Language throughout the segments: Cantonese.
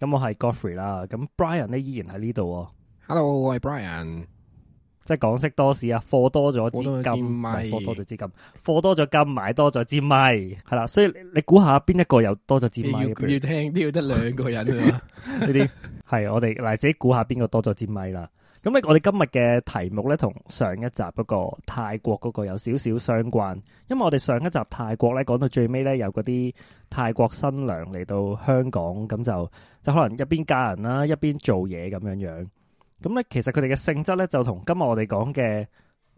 咁我係 Godfrey 啦，咁 Brian 咧，依然喺呢度。Hello，我係 Brian，即係港式多士啊，貨多咗資金買，貨多咗資金，貨多咗金，多金買多咗支咪。係啦，所以你估下邊一個有多咗支咪？要要聽都要得兩個人啊，呢啲係我哋嚟自己估下邊個多咗支咪啦。咁咧，我哋今日嘅題目咧，同上一集嗰個泰國嗰個有少少相關，因為我哋上一集泰國咧講到最尾咧，有嗰啲泰國新娘嚟到香港，咁就就可能一邊嫁人啦，一邊做嘢咁樣樣。咁咧，其實佢哋嘅性質咧，就同今日我哋講嘅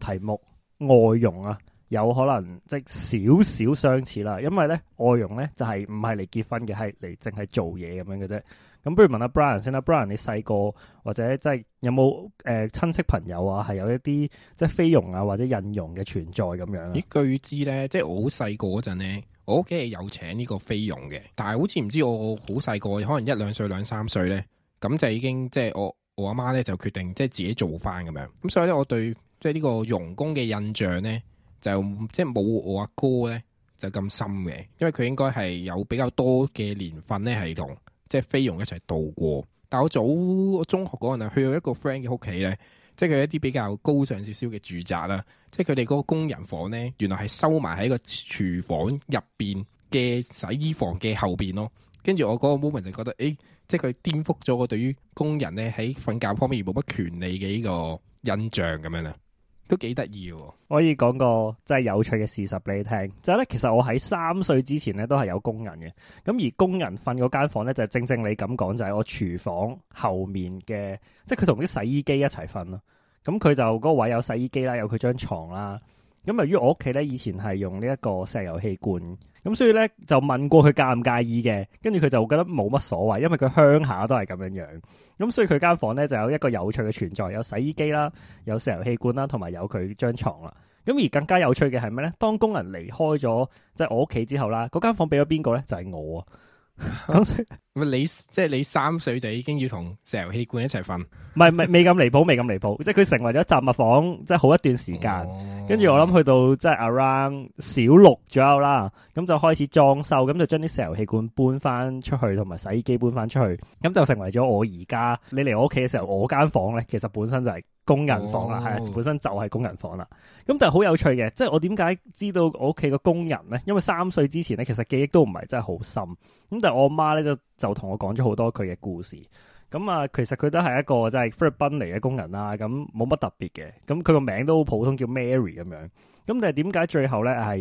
題目外傭啊，有可能即少少相似啦。因為咧，外傭咧就係唔係嚟結婚嘅，係嚟淨係做嘢咁樣嘅啫。咁不如問下 Brian 先啦，Brian，你細個或者即係有冇誒、呃、親戚朋友啊，係有一啲即係菲傭啊或者印傭嘅存在咁樣咧？據知咧，即係我好細個嗰陣咧，我屋企係有請呢個菲傭嘅，但係好似唔知我好細個，可能一兩歲兩三歲咧，咁就已經即係我我阿媽咧就決定即係自己做翻咁樣，咁所以咧我對即係呢個傭工嘅印象咧就即係冇我阿哥咧就咁深嘅，因為佢應該係有比較多嘅年份咧係同。即係菲傭一齊度過，但我早我中學嗰陣啊，去到一個 friend 嘅屋企咧，即係佢一啲比較高尚少少嘅住宅啦，即係佢哋嗰個工人房咧，原來係收埋喺個廚房入邊嘅洗衣房嘅後邊咯，跟住我嗰個 moment 就覺得，誒、欸，即係佢顛覆咗我對於工人咧喺瞓覺方面冇乜權利嘅呢個印象咁樣啦。都幾得意喎！可以講個真係有趣嘅事實俾你聽，就係咧，其實我喺三歲之前咧都係有工人嘅，咁而工人瞓嗰間房咧就正正你咁講，就係我廚房後面嘅，即係佢同啲洗衣機一齊瞓囉，咁佢就嗰個位有洗衣機啦，有佢張床啦。咁由於我屋企咧以前係用呢一個石油氣罐，咁所以咧就問過佢介唔介意嘅，跟住佢就覺得冇乜所謂，因為佢鄉下都係咁樣樣。咁所以佢間房咧就有一個有趣嘅存在，有洗衣機啦，有石油氣罐啦，同埋有佢張床啦。咁而更加有趣嘅係咩咧？當工人離開咗即係我屋企之後啦，嗰間房俾咗邊個咧？就係我啊！咁 你即係你三歲就已經要同石油氣罐一齊瞓，唔係唔係未咁離譜，未咁離譜，即係佢成為咗雜物房，即係好一段時間。跟住，哦、我諗去到即係 around 小六左右啦，咁就開始裝修，咁就將啲石油氣罐搬翻出去，同埋洗衣機搬翻出去，咁就成為咗我而家你嚟我屋企嘅時候，我間房咧，其實本身就係、是。工人房啦，係啊、哦，本身就係工人房啦。咁但係好有趣嘅，即係我點解知道我屋企個工人咧？因為三歲之前咧，其實記憶都唔係真係好深。咁但係我媽咧就就同我講咗好多佢嘅故事。咁啊，其實佢都係一個即係菲律賓嚟嘅工人啦。咁冇乜特別嘅。咁佢個名都好普通，叫 Mary 咁樣。咁但係點解最後咧係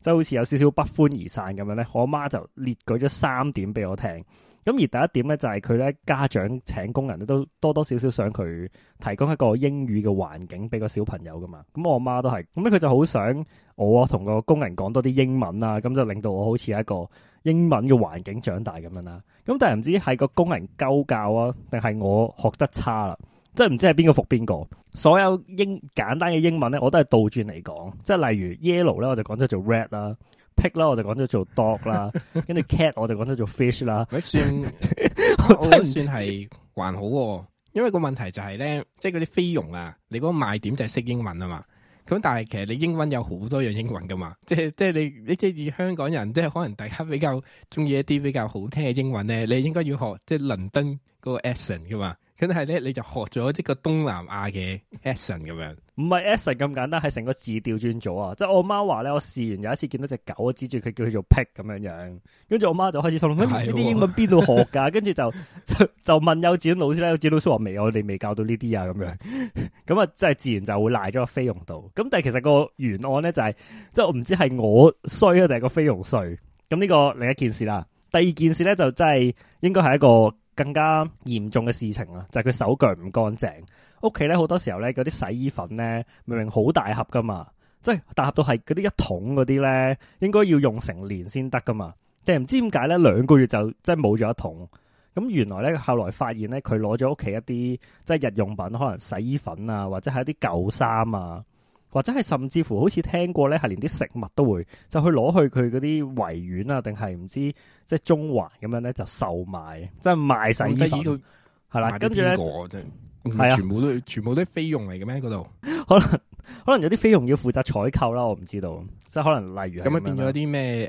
即係好似有少少不歡而散咁樣咧？我媽就列舉咗三點俾我聽。咁而第一點咧，就係佢咧家長請工人咧，都多多少少想佢提供一個英語嘅環境俾個小朋友噶嘛。咁我阿媽都係，咁咧佢就好想我同個工人講多啲英文啊，咁就令到我好似一個英文嘅環境長大咁樣啦、啊。咁但係唔知係個工人鳩教啊，定係我學得差啦、啊？即係唔知係邊個服邊個？所有英簡單嘅英文咧，我都係倒轉嚟講，即係例如 yellow 咧，我就講咗做 red 啦。pick 啦，Pig，我就講咗做 dog 啦，跟住 cat 我就講咗做 fish 啦。 算，真係 算係還好，啊，因為個問題就係咧，即係嗰啲菲傭啊，你嗰個賣點就係識英文啊嘛。咁但係其實你英文有好多樣英文噶嘛，即係即係你你即係以香港人，即係可能大家比較中意一啲比較好聽嘅英文咧，你應該要學即係倫敦嗰個 accent 噶嘛。咁係咧，你就學咗即個東南亞嘅 accent 咁樣，唔係 accent 咁簡單，係成個字調轉咗啊！即我媽話咧，我試完有一次見到隻狗，指住佢叫佢做 pick 咁樣樣，跟住我媽就開始同我講呢啲英文邊度學噶？跟住就就問幼稚園老師咧，幼稚老師話未，我哋未教到呢啲啊咁樣，咁啊即係自然就會賴咗個菲傭度。咁但係其實個原案咧就係，即我唔知係我衰啊定係個菲傭衰。咁呢個另一件事啦，第二件事咧就真係應該係一個。更加嚴重嘅事情啊，就係佢手腳唔乾淨。屋企咧好多時候咧，嗰啲洗衣粉咧，明明好大盒噶嘛，即係大盒到係嗰啲一桶嗰啲咧，應該要用成年先得噶嘛。但係唔知點解咧，兩個月就即係冇咗一桶。咁原來咧，後來發現咧，佢攞咗屋企一啲即係日用品，可能洗衣粉啊，或者係一啲舊衫啊。或者係甚至乎好似聽過咧，係連啲食物都會就去攞去佢嗰啲維園啊，定係唔知即係中環咁樣咧就售賣，即係賣曬啲，係這個 啦。跟住咧，係、啊、全部都全部都菲傭嚟嘅咩？嗰度 可能可能有啲菲傭要負責採購啦，我唔知道。即係可能例如咁啊，變咗啲咩誒？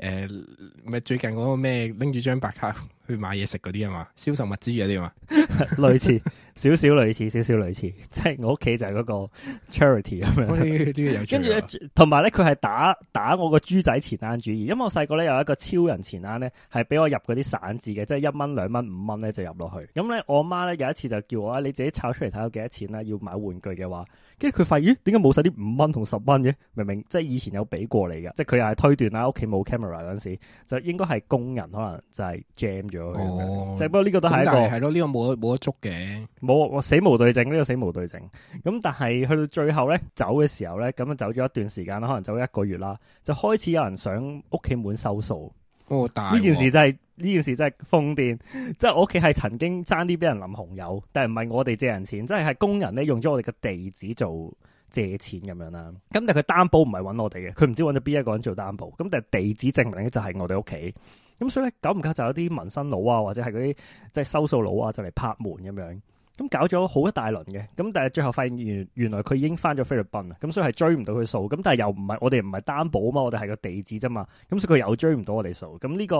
咪、呃、最近嗰個咩拎住張白卡去買嘢食嗰啲啊嘛？銷售物資嗰啲啊嘛， 類似。 少少類似，少少類似，即係我屋企就係嗰個 charity 咁樣、哎。跟住咧，同埋咧，佢係打打我個豬仔錢罌主意。因為我細個咧有一個超人錢罌咧，係俾我入嗰啲散紙嘅，即係一蚊、兩蚊、五蚊咧就入落去。咁咧，我媽咧有一次就叫我啊，你自己炒出嚟睇下幾多錢啦，要買玩具嘅話。跟住佢發現咦，點解冇曬啲五蚊同十蚊嘅？明明即係以前有俾過你嘅，即係佢又係推斷啦。屋企冇 camera 嗰陣時，就應該係工人可能就係 jam 咗佢。哦、即係不過呢個都係一個係咯，呢個冇冇得捉嘅。冇，死無對證，呢個死無對證。咁但係去到最後咧，走嘅時候咧，咁啊走咗一段時間啦，可能走咗一個月啦，就開始有人上屋企門收數。哦，呢件事真係呢件事真係瘋癲。即係 我屋企係曾經爭啲俾人淋紅油，但係唔係我哋借人錢，即係係工人咧用咗我哋嘅地址做借錢咁樣啦。咁但係佢擔保唔係揾我哋嘅，佢唔知揾咗邊一個人做擔保。咁但係地址證明就係我哋屋企。咁所以咧，久唔久就有啲紋身佬啊，或者係嗰啲即係收數佬啊，就嚟拍門咁樣。咁搞咗好一大輪嘅，咁但係最後發現原原來佢已經翻咗菲律賓啊，咁所以係追唔到佢數，咁但係又唔係我哋唔係擔保啊嘛，我哋係個地址啫嘛，咁所以佢又追唔到我哋數，咁呢個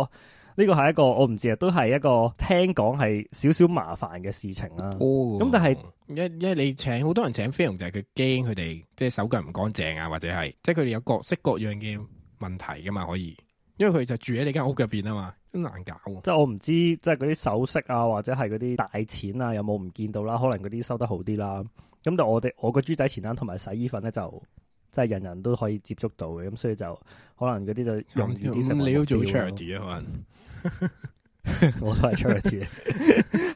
呢個係一個我唔知啊，都係一個聽講係少少麻煩嘅事情啦。咁但係因因為你請好多人請菲傭就係佢驚佢哋即係手腳唔乾淨啊，或者係即係佢哋有各式各樣嘅問題噶嘛，可以，因為佢就住喺你間屋入邊啊嘛。真難搞、啊即，即係我唔知，即係嗰啲首飾啊，或者係嗰啲大錢啊，有冇唔見到啦？可能嗰啲收得好啲啦。咁但係我哋我個豬仔錢罌同埋洗衣粉咧，就即係人人都可以接觸到嘅，咁所以就可能嗰啲就容易啲做 trader 啊。可能我都係 trader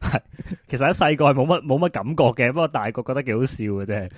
係。 其實喺細個係冇乜冇乜感覺嘅，不過大個覺得幾好笑嘅啫。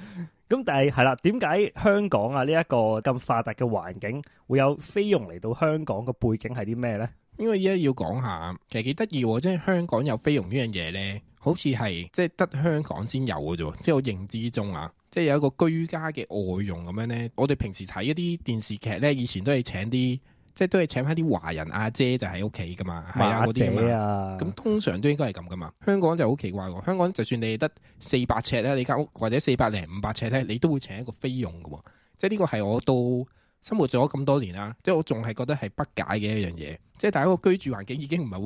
咁但係係啦，點解香港啊呢一個咁發達嘅環境會有菲傭嚟到香港嘅背景係啲咩咧？因為依家要講下，其實幾得意，即係香港有菲傭呢樣嘢呢，好似係即係得香港先有嘅啫，即係我認知中啊，即係有一個居家嘅外傭咁樣呢。我哋平時睇一啲電視劇呢，以前都係請啲，即係都係請翻啲華人阿姐就喺屋企噶嘛，係啊嗰啲啊。咁、啊、通常都應該係咁噶嘛。香港就好奇怪，香港就算你得四百尺咧，你間屋或者四百零五百尺呢，你都會請一個菲傭嘅，即係呢個係我都。生活咗咁多年啦，即係我仲係覺得係不解嘅一樣嘢，即係大家個居住環境已經唔係好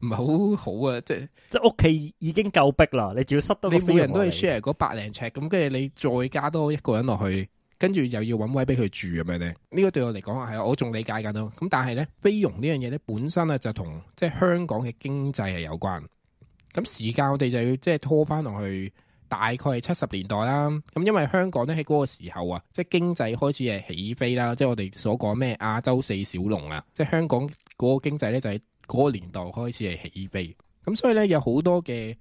唔係好好啊！即係即係屋企已經夠逼啦，你仲要塞得你每人都係 share 嗰百零尺咁，跟住你再加多一個人落去，跟住又要搵位俾佢住咁樣咧。呢個對我嚟講係我仲理解緊咯。咁但係咧，菲傭呢樣嘢咧本身咧就同即係香港嘅經濟係有關。咁時間我哋就要即係拖翻落去。大概係七十年代啦，咁因為香港咧喺嗰個時候啊，即係經濟開始係起飛啦，即係我哋所講咩亞洲四小龍啊，即係香港嗰個經濟咧就喺嗰個年代開始係起飛，咁所以咧有好多嘅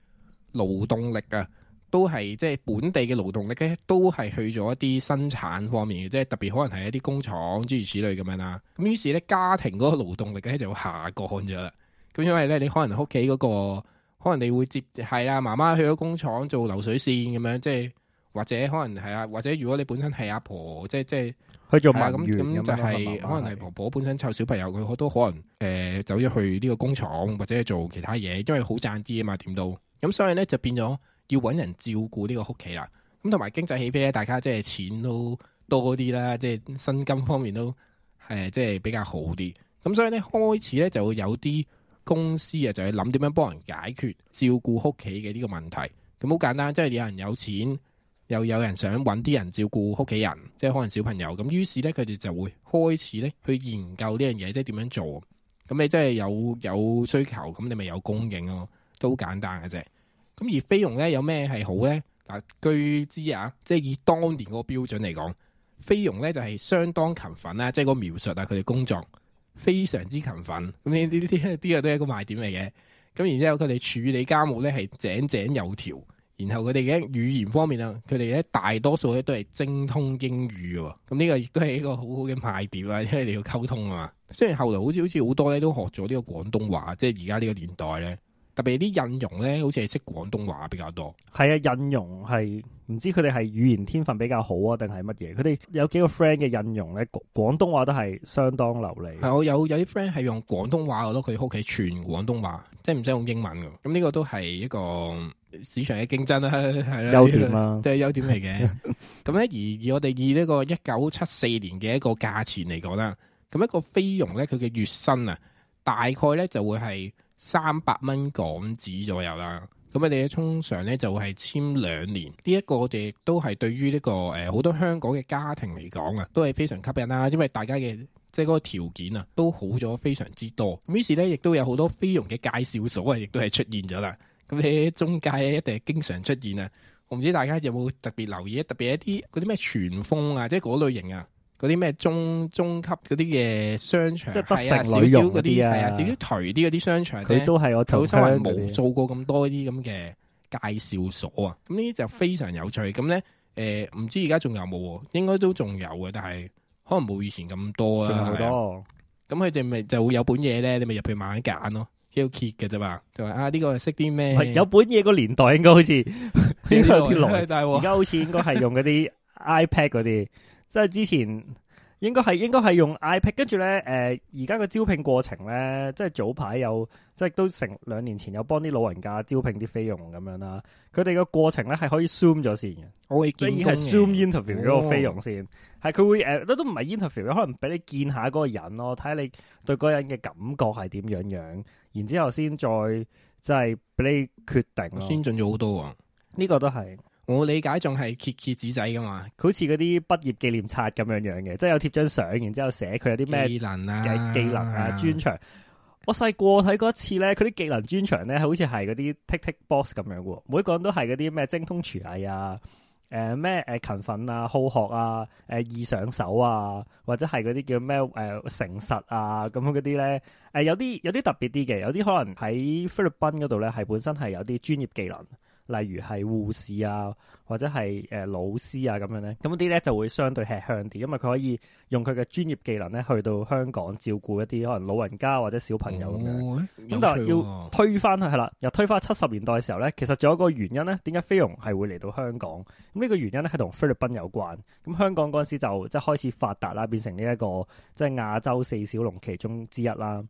勞動力啊，都係即係本地嘅勞動力咧，都係去咗一啲生產方面嘅，即係特別可能係一啲工廠諸如此類咁樣啦。咁於是咧家庭嗰個勞動力咧就會下降咗啦，咁因為咧你可能屋企嗰個。可能你會接係啊，媽媽去咗工廠做流水線咁樣，即係或者可能係啊，或者如果你本身係阿婆，即係即係佢做埋咁咁就係、是、可能係婆婆本身湊小朋友，佢好多可能誒、呃、走咗去呢個工廠或者做其他嘢，因為好賺啲啊嘛，點都。咁所以咧就變咗要搵人照顧呢個屋企啦。咁同埋經濟起飛咧，大家即係錢都多啲啦，即係薪金方面都誒即係比較好啲。咁所以咧開始咧就會有啲。公司啊，就係諗點樣幫人解決照顧屋企嘅呢個問題。咁好簡單，即係有人有錢，又有人想揾啲人照顧屋企人，即係可能小朋友。咁於是呢，佢哋就會開始呢去研究呢樣嘢，即係點樣做。咁你真係有有需求，咁你咪有供應咯，都好簡單嘅啫。咁而菲傭呢，有咩係好呢？嗱，據知啊，即係以當年嗰個標準嚟講，菲傭呢就係相當勤奮啦，即係個描述啊，佢哋工作。非常之勤奮，咁呢呢啲啲嘢都係一個賣點嚟嘅。咁然之後佢哋處理家務咧係井井有條，然後佢哋嘅語言方面啊，佢哋咧大多數咧都係精通英語喎。咁呢個亦都係一個好好嘅賣點啊，因為你要溝通啊嘛。雖然後嚟好似好似好多咧都學咗呢個廣東話，即係而家呢個年代咧。特別啲印傭咧，好似係識廣東話比較多。係啊，印傭係唔知佢哋係語言天分比較好啊，定係乜嘢？佢哋有幾個 friend 嘅印傭咧，廣東話都係相當流利。係我有有啲 friend 係用廣東話，我覺得佢屋企全廣東話，即係唔使用英文嘅。咁呢個都係一個市場嘅競爭啦，係啊，優點啊，即係優點嚟嘅。咁咧， 而而我哋以呢個一九七四年嘅一個價錢嚟講啦，咁一個菲傭咧，佢嘅月薪啊，大概咧就會係。三百蚊港紙左右啦，咁我哋咧通常咧就會係簽兩年呢一個，我哋都係對於呢個誒好多香港嘅家庭嚟講啊，都係非常吸引啦，因為大家嘅即係嗰個條件啊都好咗非常之多。於是咧亦都有好多菲傭嘅介紹所啊，亦都係出現咗啦。咁你中介咧一定係經常出現啊，我唔知大家有冇特別留意，特別一啲嗰啲咩傳風啊，即係嗰類型啊。嗰啲咩中中級嗰啲嘅商場，即係不食女玉嗰啲啊，少少頹啲嗰啲商場佢都係我頭先冇做過咁多啲咁嘅介紹所啊！咁呢啲就非常有趣。咁咧，誒、呃、唔知而家仲有冇？應該都仲有嘅，但係可能冇以前咁多，多啊。仲好多。咁佢哋咪就會有本嘢咧，你咪入去慢慢揀咯。要揭嘅啫嘛，就話啊呢、呢個識啲咩？有本嘢個年代應該好似啲老，而家好似應該係 用嗰啲 iPad 嗰啲。 即係之前應該係應該係用 iPad，跟住咧，誒而家個招聘過程咧，即係早排有，即係都成兩年前有幫啲老人家招聘啲菲傭咁樣啦。佢哋個過程咧係可以 zoom 咗先嘅，我會係 zoom interview 嗰個菲傭先，係佢、哦、會誒、呃、都都唔係 interview，可能俾你見下嗰個人咯，睇下你對嗰人嘅感覺係點樣樣，然之後先再即係俾你決定。我先進咗好多，啊，呢個都係。我理解仲係揭揭紙仔噶嘛？好似嗰啲畢業紀念冊咁樣樣嘅，即係有貼張相，然之後寫佢有啲咩技能啊、技能啊、專長。啊、我細個睇過一次咧，佢啲技能專長咧，好似係嗰啲 tick tick box 咁樣嘅，每個人都係嗰啲咩精通廚藝啊、誒咩誒勤奮啊、好學啊、誒、啊、易上手啊，或者係嗰啲叫咩誒誠實啊咁嗰啲咧。誒有啲有啲特別啲嘅，有啲可能喺菲律賓嗰度咧，係本身係有啲專業技能。例如係護士啊，或者係誒、呃、老師啊咁樣咧，咁啲咧就會相對吃香啲，因為佢可以用佢嘅專業技能咧去到香港照顧一啲可能老人家或者小朋友咁樣。咁但係要推返去係啦，又推返七十年代嘅時候咧，其實仲有一個原因咧，點解菲傭係會嚟到香港？咁呢個原因咧係同菲律賓有關。咁香港嗰陣時就即係開始發達啦，變成呢一個即係亞洲四小龍其中之一啦。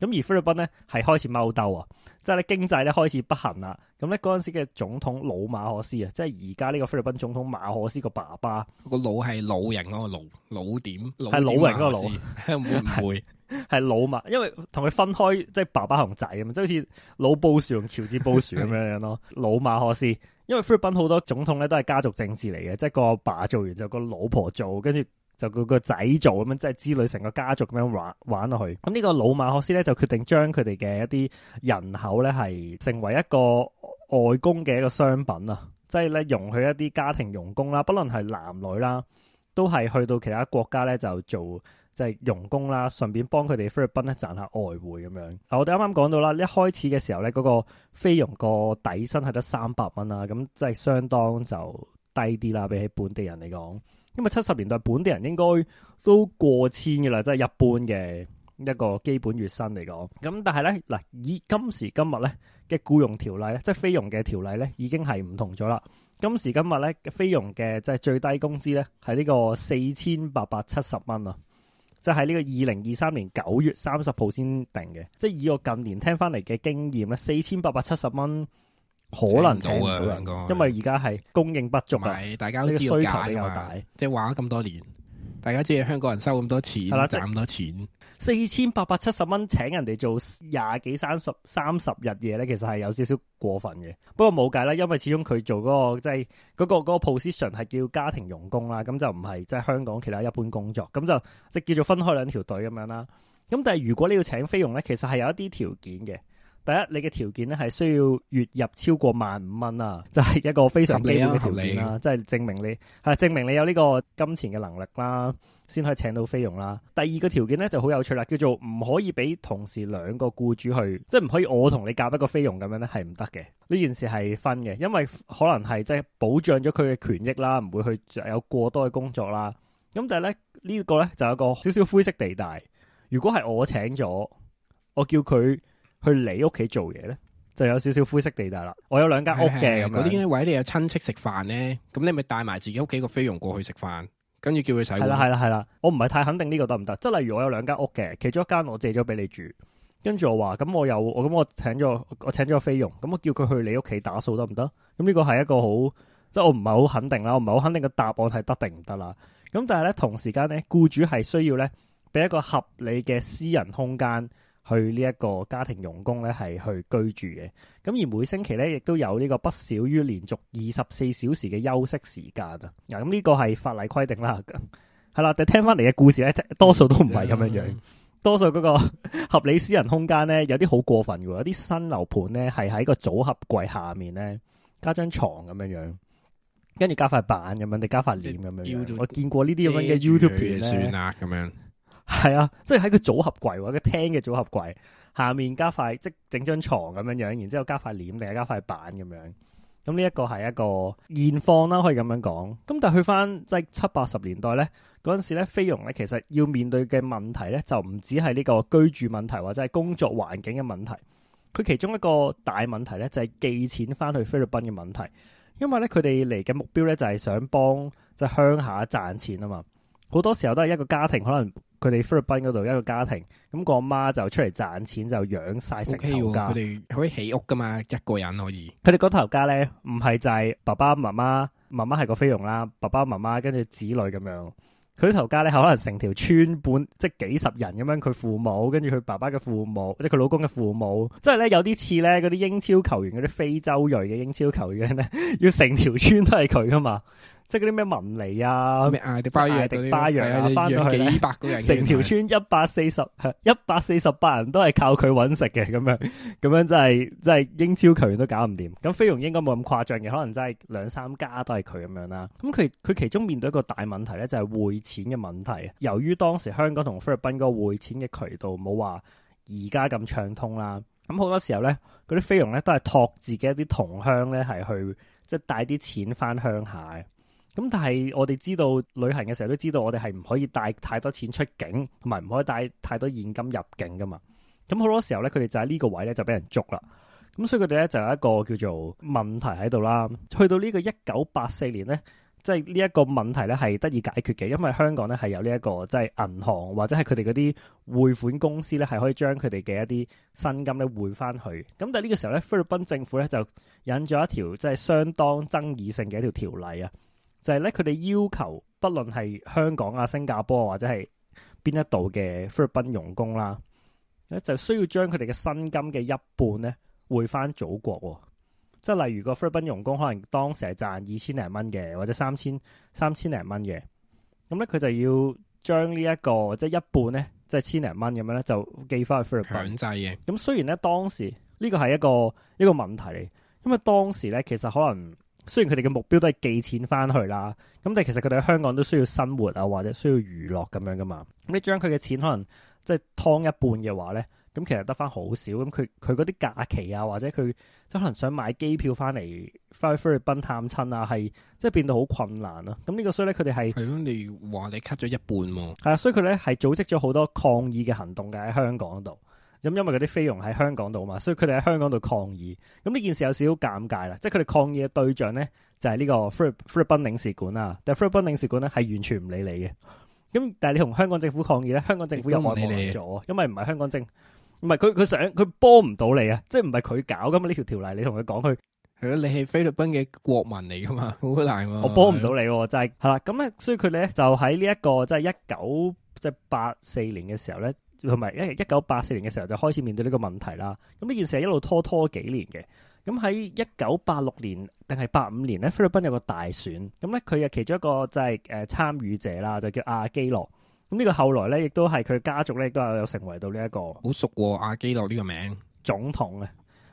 咁而菲律賓咧係開始踎兜啊，即係咧經濟咧開始不行啦。咁咧嗰陣時嘅總統老馬可斯啊，即係而家呢個菲律賓總統馬可斯個爸爸，個老係老人嗰個老老點，係老，老人嗰個老，唔 會唔會係 老馬，因為同佢分開即係、就是、爸爸同仔咁，即係好似老布殊同喬治布殊咁樣樣咯。 老馬可斯，因為菲律賓好多總統咧都係家族政治嚟嘅，即係個爸做完就個老婆做，跟住。就個個仔做咁樣，即係之類成個家族咁樣玩玩落去。咁呢個老馬可斯咧，就決定將佢哋嘅一啲人口咧，係成為一個外公嘅一個商品啊！即係咧，容許一啲家庭傭工啦，不論係男女啦，都係去到其他國家咧就做即係傭工啦，順便幫佢哋菲律賓咧賺下外匯咁樣。嗱、啊，我哋啱啱講到啦，一開始嘅時候咧，嗰、那個菲傭個底薪係得三百蚊啦，咁即係相當就低啲啦，比起本地人嚟講。因為七十年代本地人應該都過千嘅啦，即係一般嘅一個基本月薪嚟講。咁但係咧，嗱以今時今日咧嘅僱傭條例咧，即係菲傭嘅條例咧，已經係唔同咗啦。今時今日咧嘅菲傭嘅即係最低工資咧，係呢個四千八百七十蚊啊！就係呢個二零二三年九月三十號先定嘅。即係以我近年聽翻嚟嘅經驗咧，四千八百七十蚊。可能，就，因為而家係供應不足不，大家呢需求比較大。即係玩咗咁多年，大家知香港人收咁多錢，係啦的，賺咁多錢。四千八百七十蚊請人哋做廿幾三十三十日嘢咧，其實係有少少過分嘅。不過冇計啦，因為始終佢做嗰、嗰個即係嗰個嗰、嗰個嗰個 position 係叫家庭傭工啦，咁就唔係即係香港其他一般工作，咁就即係叫做分開兩條隊咁樣啦。咁但係如果你要請菲傭咧，其實係有一啲條件嘅。第一，你嘅條件咧係需要月入超過萬五蚊啊，就係、是、一個非常基本嘅條件啦，即係、啊啊、證明你係證明你有呢個金錢嘅能力啦，先可以請到菲傭啦。第二個條件咧就好有趣啦，叫做唔可以俾同時兩個僱主去，即係唔可以我同你夾一個菲傭咁樣咧係唔得嘅。呢件事係分嘅，因為可能係即係保障咗佢嘅權益啦，唔會去有過多嘅工作啦。咁但係咧呢、這個咧就有個少少灰色地帶，如果係我請咗，我叫佢。去你屋企做嘢咧，就有少少灰色地帶啦。我有兩間屋嘅，嗰啲位你有親戚食飯咧，咁你咪帶埋自己屋企個菲傭過去食飯，跟住叫佢洗碗。係啦，係啦，係啦。我唔係太肯定呢個得唔得？即係例如我有兩間屋嘅，其中一間我借咗俾你住，跟住我話咁、嗯、我有，我咁、嗯、我請咗我請咗個菲傭，咁我、嗯、我叫佢去你屋企打掃得唔得？咁呢個係一個好，即係我唔係好肯定啦，我唔係好肯定個答案係得定唔得啦。咁但係咧，同時間咧，雇主係需要咧，俾一個合理嘅私人空間。去呢一個家庭傭工咧，係去居住嘅。咁而每星期咧，亦都有呢個不少於連續二十四小時嘅休息時間啊。咁、嗯、呢、呢個係法例規定啦。係啦，但係聽翻嚟嘅故事咧，多數都唔係咁樣樣。嗯嗯、多數嗰個 合理私人空間咧，有啲好過分嘅。有啲新樓盤咧，係喺個組合櫃下面咧加張床咁樣樣，跟住加塊板咁樣，定加塊簾咁樣。做我見過呢啲咁樣嘅 YouTube 片啦，咁樣。係啊，即係喺個組合櫃，或者個廳嘅組合櫃，下面加塊即整張床咁樣樣，然之後加塊簾，定係加塊板咁樣。咁呢一個係一個現況啦，可以咁樣講。咁但係去翻即係七八十年代呢，嗰陣時呢，菲傭呢其實要面對嘅問題呢，就唔止係呢個居住問題或者係工作環境嘅問題。佢其中一個大問題呢，就係寄錢翻去菲律賓嘅問題，因為呢，佢哋嚟嘅目標呢，就係想幫即係鄉下賺錢啊嘛。好多時候都係一個家庭可能。佢哋菲律賓嗰度一個家庭，咁個阿媽就出嚟賺錢就養晒成頭家。佢哋可以起屋噶嘛，一個人可以。佢哋嗰頭家咧，唔係就係爸爸媽媽，媽媽係個菲傭啦，爸爸媽媽跟住子女咁樣。佢頭家咧，可能成條村半，即係幾十人咁樣。佢父母跟住佢爸爸嘅父，父母，即係佢老公嘅父母，即係咧有啲似咧嗰啲英超球員嗰啲非洲裔嘅英超球員咧， 要成條村都係佢噶嘛。即係嗰啲咩文尼啊，咩阿迪巴、迪巴揚啊，翻到去幾百個人，成條村一百四十一百四十八人都係靠佢揾食嘅，咁樣咁 樣真係真係英超球員都搞唔掂。咁菲傭應該冇咁誇張嘅，可能真係兩三家都係佢咁樣啦。咁佢佢其中面對一個大問題咧，就係匯錢嘅問題。由於當時香港同菲律賓嗰個匯錢嘅渠道冇話而家咁暢通啦，咁好多時候咧，嗰啲菲傭咧都係托自己鄉呢一啲同鄉咧，係去即係帶啲錢翻鄉下。咁但係我哋知道旅行嘅時候都知道我哋係唔可以帶太多錢出境，同埋唔可以帶太多現金入境噶嘛。咁好多時候咧，佢哋就喺呢個位咧就俾人捉啦。咁所以佢哋咧就有一個叫做問題喺度啦。去到個呢個一九八四年咧，即係呢一個問題咧係得以解決嘅，因為香港咧係有呢、這、一個即係銀行或者係佢哋嗰啲匯款公司咧係可以將佢哋嘅一啲薪金咧匯翻去。咁但係呢個時候咧，菲律賓政府咧就引咗一條即係相當爭議性嘅一條條例啊。就係咧，佢哋要求不論係香港啊、新加坡、啊、或者係邊一度嘅菲律賓傭工啦、啊，就需要將佢哋嘅薪金嘅一半咧匯翻祖國、啊。即係例如個菲律賓傭工可能當時係賺二千零蚊嘅，或者三千三千零蚊嘅，咁咧佢就要將呢一個即係一半咧，即係千零蚊咁樣咧，就寄翻去菲律賓強制嘅。咁雖然咧當時呢個係一個一個問題嚟，因為當時咧其實可能。雖然佢哋嘅目標都係寄錢翻去啦，咁但係其實佢哋喺香港都需要生活啊，或者需要娛樂咁樣噶嘛。咁你將佢嘅錢可能即係劏一半嘅話咧，咁其實得翻好少。咁佢佢嗰啲假期啊，或者佢即可能想買機票翻嚟翻去菲律賓探親啊，係即係變到好困難咯。咁呢個所以咧，佢哋係係咯，你話你 cut 咗一半喎。係啊，所以佢咧係組織咗好多抗議嘅行動嘅喺香港度。咁因為嗰啲菲傭喺香港度嘛，所以佢哋喺香港度抗議。咁呢件事有少少尷尬啦，即係佢哋抗議嘅對象咧，就係、是、呢個菲律菲律賓領事館啊。但菲律賓領事館咧係完全唔理你嘅。咁但係你同香港政府抗議咧，香港政府有冇理你咗，因為唔係香港政，唔係佢佢想佢幫唔到你啊，即係唔係佢搞咁嘛，呢條條例你同佢講，佢係你係菲律賓嘅國民嚟噶嘛，好難喎、啊，我幫唔到你，的真係係啦。咁咧，所以佢咧就喺呢一個即係一九即係八四年嘅時候咧。同埋一九八四年嘅時候就開始面對呢個問題啦，咁呢件事係一路拖拖幾年嘅，咁喺一九八六年定係八五年咧，菲律賓有個大選，咁咧佢嘅其中一個就係誒參與者啦，就叫阿基諾，咁呢個後來咧亦都係佢家族咧亦都有成為到呢一個好熟喎、啊、阿基諾呢個名總統嘅，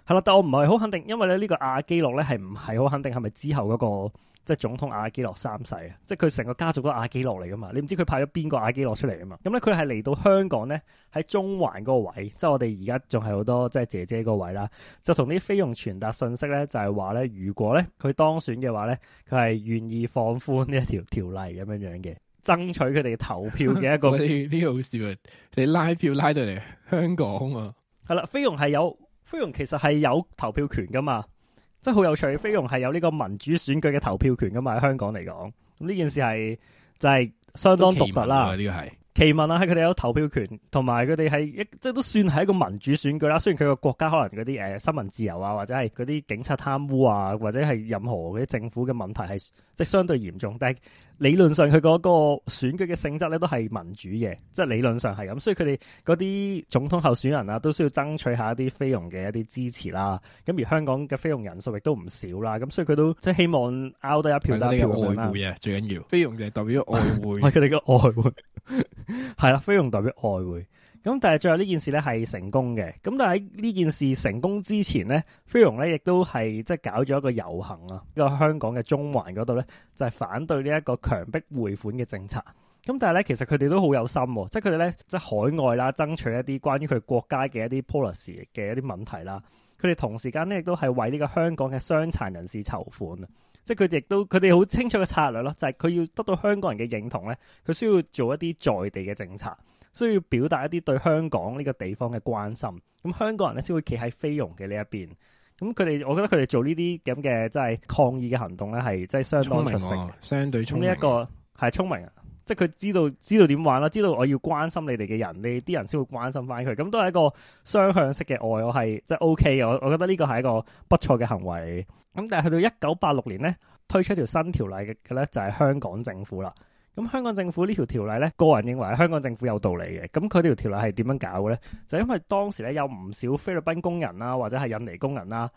係咯，但我唔係好肯定，因為咧呢個阿基諾咧係唔係好肯定係咪之後嗰、嗰個。即係總統阿基諾三世啊，即係佢成個家族都阿基諾嚟噶嘛，你唔知佢派咗邊個阿基諾出嚟啊嘛，咁咧佢係嚟到香港咧喺中環嗰個位，即係我哋而家仲係好多即係姐姐嗰位啦，就同啲菲傭傳達信息咧，就係話咧如果咧佢當選嘅話咧，佢係願意放寬呢一條條例咁樣樣嘅，爭取佢哋投票嘅一個。呢呢 這個、好笑啊！你拉票拉到嚟香港啊？係啦、嗯，菲傭係有，菲傭其實係有投票權噶嘛。即係好有趣，菲傭係有呢個民主選舉嘅投票權噶嘛？喺香港嚟講，咁呢件事係就係、是、相當獨特啦。呢個係奇聞啊！係佢哋有投票權，同埋佢哋係一即係都算係一個民主選舉啦。雖然佢個國家可能嗰啲誒新聞自由啊，或者係嗰啲警察貪污啊，或者係任何嘅政府嘅問題係即係相對嚴重，但係，理論上佢嗰個選舉嘅性質咧都係民主嘅，即係理論上係咁，所以佢哋嗰啲總統候選人啊都需要爭取下一啲菲傭嘅一啲支持啦。咁而香港嘅菲傭人數亦都唔少啦，咁所以佢都即係希望拗得一票得票咁啊。菲傭嘅外匯嘅最緊要，菲傭就係代表外匯，係佢哋嘅外匯，係啦，菲傭代表外匯。咁但係最後呢件事咧係成功嘅。咁但係喺呢件事成功之前咧，菲傭咧亦都係即係搞咗一個遊行啊，呢喺香港嘅中環嗰度咧就係反對呢一個強迫匯款嘅政策。咁但係咧，其實佢哋都好有心，即係佢哋咧即係海外啦，爭取一啲關於佢國家嘅一啲 policy 嘅一啲問題啦。佢哋同時間咧亦都係為呢個香港嘅傷殘人士籌款啊。即係佢哋亦都佢哋好清楚嘅策略咯，就係佢要得到香港人嘅認同咧，佢需要做一啲在地嘅政策。需要表達一啲對香港呢個地方嘅關心，咁、嗯、香港人咧先會企喺菲傭嘅呢一邊。咁佢哋，我覺得佢哋做呢啲咁嘅即係抗議嘅行動咧，係即係相當出色。聰明哦、相對聰明呢一、嗯這個係聰明，即係佢知道知道點玩啦，知道我要關心你哋嘅人，你啲人先會關心翻佢。咁、嗯、都係一個雙向式嘅愛，我係即係 O K 嘅。我我覺得呢個係一個不錯嘅行為。咁、嗯、但係去到一九八六年咧，推出一條新條例嘅咧，就係、是、香港政府啦。咁香港政府呢條條例咧，個人認為香港政府有道理嘅。咁佢條條例係點樣搞嘅咧？就是、因為當時咧有唔少菲律賓工人啦、啊，或者係印尼工人啦、啊，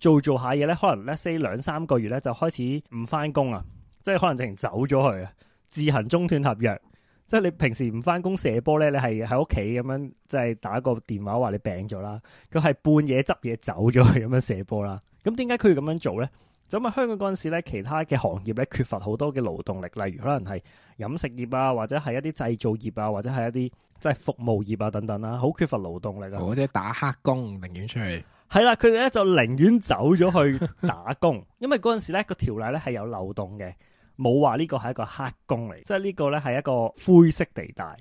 做一做下嘢咧，可能咧 say 兩三個月咧就開始唔翻工啊，即係可能直情走咗去，自行中斷合約。即係你平時唔翻工射波咧，你係喺屋企咁樣即係打個電話話你病咗啦。佢係半夜執嘢走咗去咁樣射波啦。咁點解佢要咁樣做咧？咁啊，香港嗰陣時咧，其他嘅行業咧缺乏好多嘅勞動力，例如可能係飲食業啊，或者係一啲製造業啊，或者係一啲即係服務業啊等等啦，好缺乏勞動力噶。或者打黑工，寧願出去。係啦，佢哋咧就寧願走咗去打工， 因為嗰陣時咧個條例咧係有漏洞嘅，冇話呢個係一個黑工嚟，即係呢個咧係一個灰色地帶。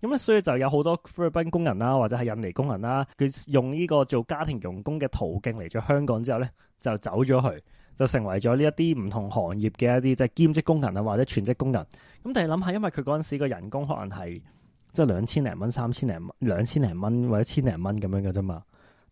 咁啊，所以就有好多菲律賓工人啦，或者係印尼工人啦，佢用呢個做家庭傭工嘅途徑嚟咗香港之後咧，就走咗去。就成為咗呢一啲唔同行業嘅一啲即係兼職工人啊，或者全職工人。咁但係諗下，因為佢嗰陣時個人工可能係即係兩千零蚊、三千零蚊、兩千零蚊或者千零蚊咁樣嘅啫嘛。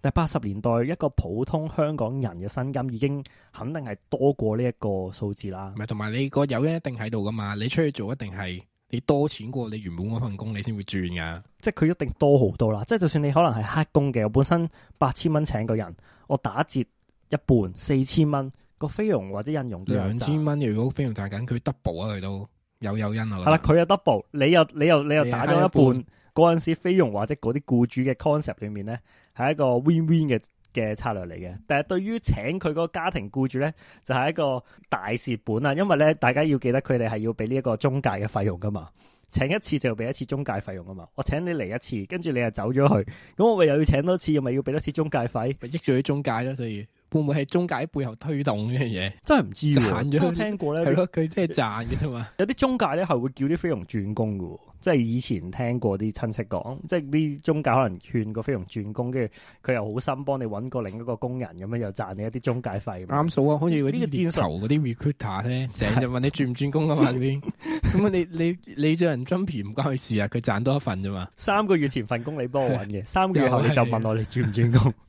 但係八十年代一個普通香港人嘅薪金已經肯定係多過呢一個數字啦。唔係，同埋你個誘因一定喺度㗎嘛。你出去做一定係你多錢過你原本嗰份工，你先會轉㗎。即係佢一定多好多啦。即係就算你可能係黑工嘅，我本身八千蚊請個人，我打折一半，四千蚊。個菲傭或者印傭兩千蚊，如果菲傭大緊，佢 double 啊，佢都有有誘因啊。係啦，佢又 double，你又你又你又打咗一半。嗰陣時菲傭或者嗰啲雇主嘅 concept 裏面咧，係一個 win win 嘅嘅策略嚟嘅。但係對於請佢嗰個家庭雇主咧，就係一個大蝕本啊。因為咧，大家要記得佢哋係要俾呢一個中介嘅費用噶嘛。請一次就要俾一次中介費用噶嘛。我請你嚟一次，跟住你又走咗去，咁我咪又要請多次，又咪要俾多次中介費，咪益咗啲中介啦。所以。會唔會係中介背後推動呢樣嘢？真係唔知，我聽過咧，佢真係賺嘅啫嘛。 有啲中介咧係會叫啲菲傭轉工嘅，即係以前聽過啲親戚講，即係啲中介可能勸個菲傭轉工，跟住佢又好心幫你揾個另一個工人，咁樣又賺你一啲中介費。啱數啊，好似嗰啲獵頭嗰啲 recruiter 咧，成日問你轉唔轉工啊嘛？咁 你你你,你做人 jumping 唔關佢事啊，佢賺多一份啫嘛。 三個月前份工你幫我揾嘅，三個月後你就問我你轉唔轉工？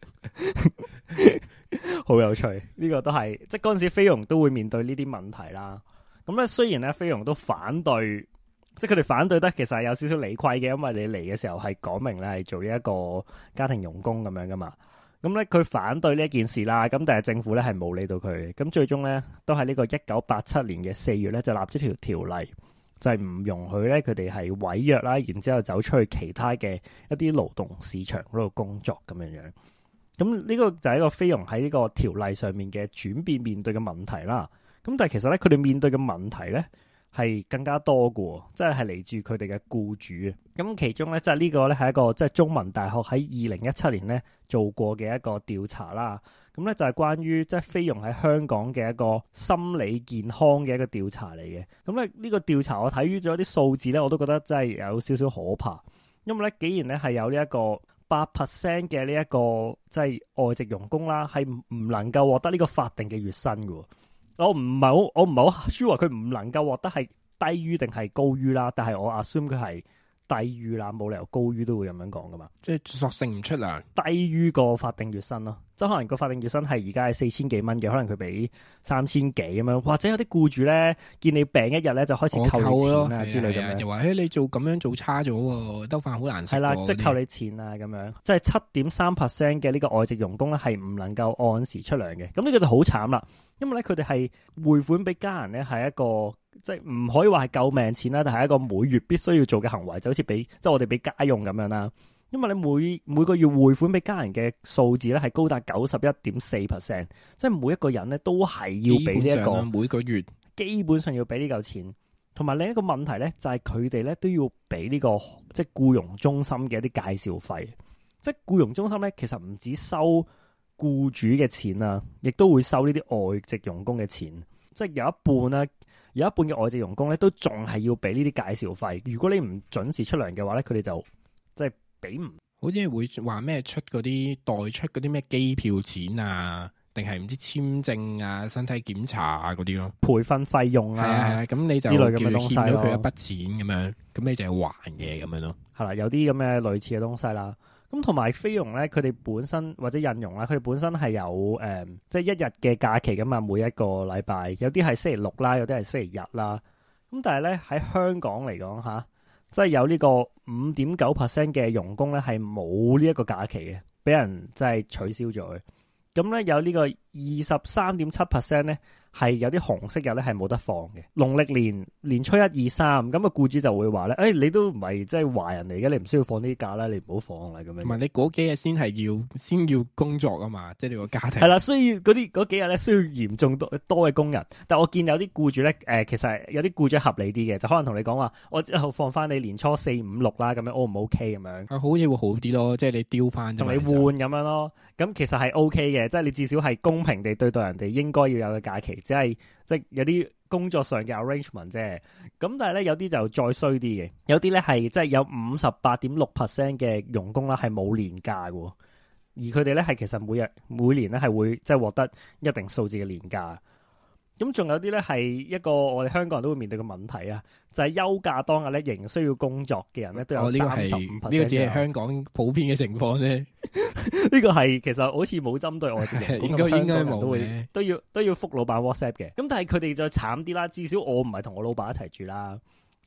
好有趣，呢、這個都係即係嗰陣時菲傭都會面對呢啲問題啦。咁咧雖然咧菲傭都反對，即係佢哋反對得其實係有少少理虧嘅，因為你嚟嘅時候係講明你係做呢一個家庭傭工咁樣噶嘛。咁咧佢反對呢一件事啦，咁但係政府咧係冇理到佢嘅。咁最終咧都係呢個一九八七年嘅四月咧就立咗條條例，就係、是、唔容許咧佢哋係毀約啦，然之後走出去其他嘅一啲勞動市場嗰度工作咁樣樣。咁呢個就係一個菲佣喺呢個條例上面嘅轉變面對嘅問題啦。咁但係其實咧，佢哋面對嘅問題咧係更加多嘅，即係係嚟自佢哋嘅雇主。咁、嗯、其中咧，即係呢個咧係一個即係中文大學喺二零一七年咧做過嘅一個調查啦。咁、嗯、咧就係、是、關於即係菲佣喺香港嘅一個心理健康嘅一個調查嚟嘅。咁咧呢個調查我睇於咗啲數字咧，我都覺得真係有少少可怕。因為咧，既然咧係有呢、這、一個。八 percent 嘅呢一個即係外籍僱工啦，係唔能夠獲得呢個法定嘅月薪嘅。我唔係好，我唔係好 sure 佢唔能夠獲得係低於定係高於啦。但係我 assume 佢係。低於啦，冇理由高於都會咁樣講㗎嘛。即係索性唔出糧，低於個法定月薪咯。即係可能個法定月薪係而家係四千幾蚊嘅，可能佢俾三千幾咁樣。或者有啲僱主咧，見你病一日咧，就開始扣錢啦、啊啊、之類咁樣、啊。就話誒，你做咁樣做差咗，得翻好難受。係啦、啊，即、就、係、是、扣你錢啊咁樣。即係七點三 percent 嘅呢個外籍傭工咧，係唔能夠按時出糧嘅。咁呢個就好慘啦，因為咧佢哋係匯款俾家人咧係一個。即係唔可以話係救命錢啦，但係一個每月必須要做嘅行為就好似俾即係我哋俾家用咁樣啦。因為你每每個月匯款俾家人嘅數字咧，係高達九十一點四 percent，即係每一個人咧都係要俾呢一個每個月基本上要俾呢嚿錢，同埋另一個問題咧就係佢哋咧都要俾呢個即係雇傭中心嘅一啲介紹費。即係雇傭中心咧，其實唔止收雇主嘅錢啊，亦都會收呢啲外籍傭工嘅錢，即係有一半咧。有一半嘅外籍傭工咧，都仲係要俾呢啲介紹費。如果你唔準時出糧嘅話咧，佢哋就即係俾唔。好似會話咩出嗰啲代出嗰啲咩機票錢啊，定係唔知簽證啊、身體檢查啊嗰啲咯，培訓費用啊，係啊係啊，咁你就叫欠咗佢一筆錢咁樣，咁你就係還嘅咁樣咯。係啦、啊，有啲咁嘅類似嘅東西啦。咁同埋菲傭咧，佢哋本身或者印傭啦，佢哋本身係有誒，即、呃、係、就是、一日嘅假期嘅嘛，每一個禮拜有啲係星期六啦，有啲係星期日啦。咁但係咧喺香港嚟講嚇，即係有個呢個五點九 percent 嘅傭工咧係冇呢一個假期嘅，俾人即係取消咗嘅。咁、嗯、咧有個呢個二十三點七 percent 咧。係有啲紅色日咧，係冇得放嘅。農曆年年初一二三咁嘅，雇主就會話咧，誒、欸,你都唔係即係華人嚟嘅，你唔需要放呢啲假啦,你唔好放啦。咁樣唔係你嗰幾日先係要,先要工作啊嘛,即係你個家庭係啦。需要嗰啲嗰幾日咧,需要嚴重多多嘅工人。但我見有啲雇主咧,誒、呃,其實有啲雇主合理啲嘅,就可能同你講話，我之後放翻你年初四五六啦,咁樣 O 唔 O K 咁樣。樣啊，好嘢會好啲咯,即係你調翻同你換咁樣咯。咁其實係 O K 嘅,即係你至少係公平地對待人哋應該要有嘅假期。只係即係有啲工作上嘅 arrangement 啫，咁但係咧有啲就再衰啲嘅，有啲咧係即係有五十八點六 percent 嘅傭工啦，係冇年假嘅，而佢哋咧係其實每日每年咧係會即係獲得一定數字嘅年假。咁仲有啲咧，係一個我哋香港人都會面對嘅問題啊，就係、是、休假當日咧仍需要工作嘅人咧都有三十五 percent，呢個只係香港普遍嘅情況啫。呢 個係其實好似冇針對我自己，應該應該都會都要都要覆老闆 WhatsApp 嘅。咁但係佢哋再慘啲啦，至少我唔係同我老闆一齊住啦。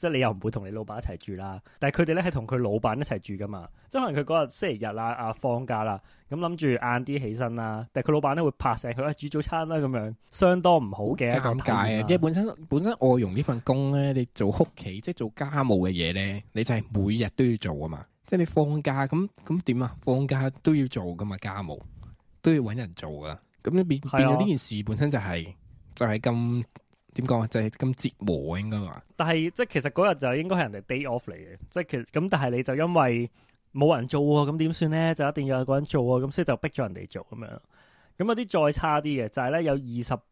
即係你又唔會同你老闆一齊住啦，但係佢哋咧係同佢老闆一齊住噶嘛。即係可能佢嗰日星期日啦，啊放假啦，咁諗住晏啲起身啦，但係佢老闆咧會拍成佢、啊、煮早餐啦，咁樣，相當唔好嘅尷尬啊！即係本身本身外傭呢份工咧，你做屋企即係做家務嘅嘢咧，你就係每日都要做啊嘛。即係你放假咁咁點啊？放假都要做噶嘛，家務都要搵人做噶。咁樣變、哦、變咗呢件事本身就係、是、就係、是、咁。點講啊？就係咁折磨應該話？但係即係其實嗰日就應該係人哋 day off 嚟嘅，即係其實咁。但係你就因為冇人做啊，咁點算咧？就一定要有個人做啊，咁所以就逼咗人哋做咁樣。咁有啲再差啲嘅，就係咧有二十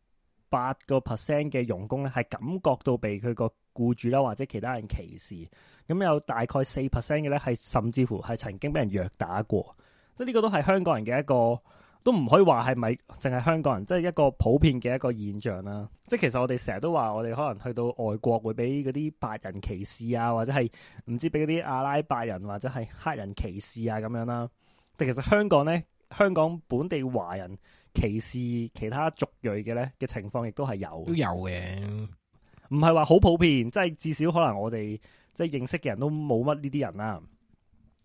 八個 percent 嘅傭工咧，係感覺到被佢個僱主啦或者其他人歧視。咁有大概四 percent 嘅咧，係甚至乎係曾經俾人虐打過。即係呢個都係香港人嘅一個。都唔可以話係咪淨係香港人，即係一個普遍嘅一個現象啦。即係其實我哋成日都話，我哋可能去到外國會俾嗰啲白人歧視啊，或者係唔知俾啲阿拉伯人或者係黑人歧視啊咁樣啦。但其實香港咧，香港本地華人歧視其他族裔嘅咧嘅情況亦都係有，都有嘅。唔係話好普遍，即係至少可能我哋即係認識嘅人都冇乜呢啲人啦、啊。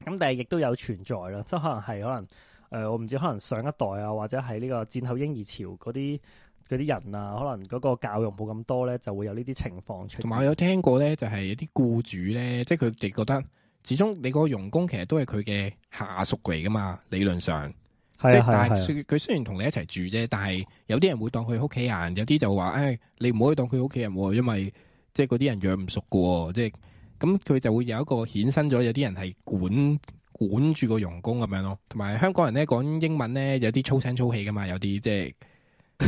咁但係亦都有存在啦，即係可能係可能。誒、呃，我唔知可能上一代啊，或者喺呢個戰後嬰兒潮嗰啲啲人啊，可能嗰個教養冇咁多咧，就會有呢啲情況出。同埋我有聽過咧，就係、是、有啲僱主咧，即係佢哋覺得始終你個傭工其實都係佢嘅下屬嚟噶嘛，理論上。係的即係但係佢雖然同你一齊住啫，但係有啲人會當佢屋企人，有啲就話：誒、哎，你唔可以當佢屋企人，因為即係嗰啲人養唔熟嘅。即係咁，佢就會有一個衍生咗，有啲人係管。管住個傭工咁樣咯，同埋香港人咧講英文咧有啲粗聲粗氣噶嘛，有啲即係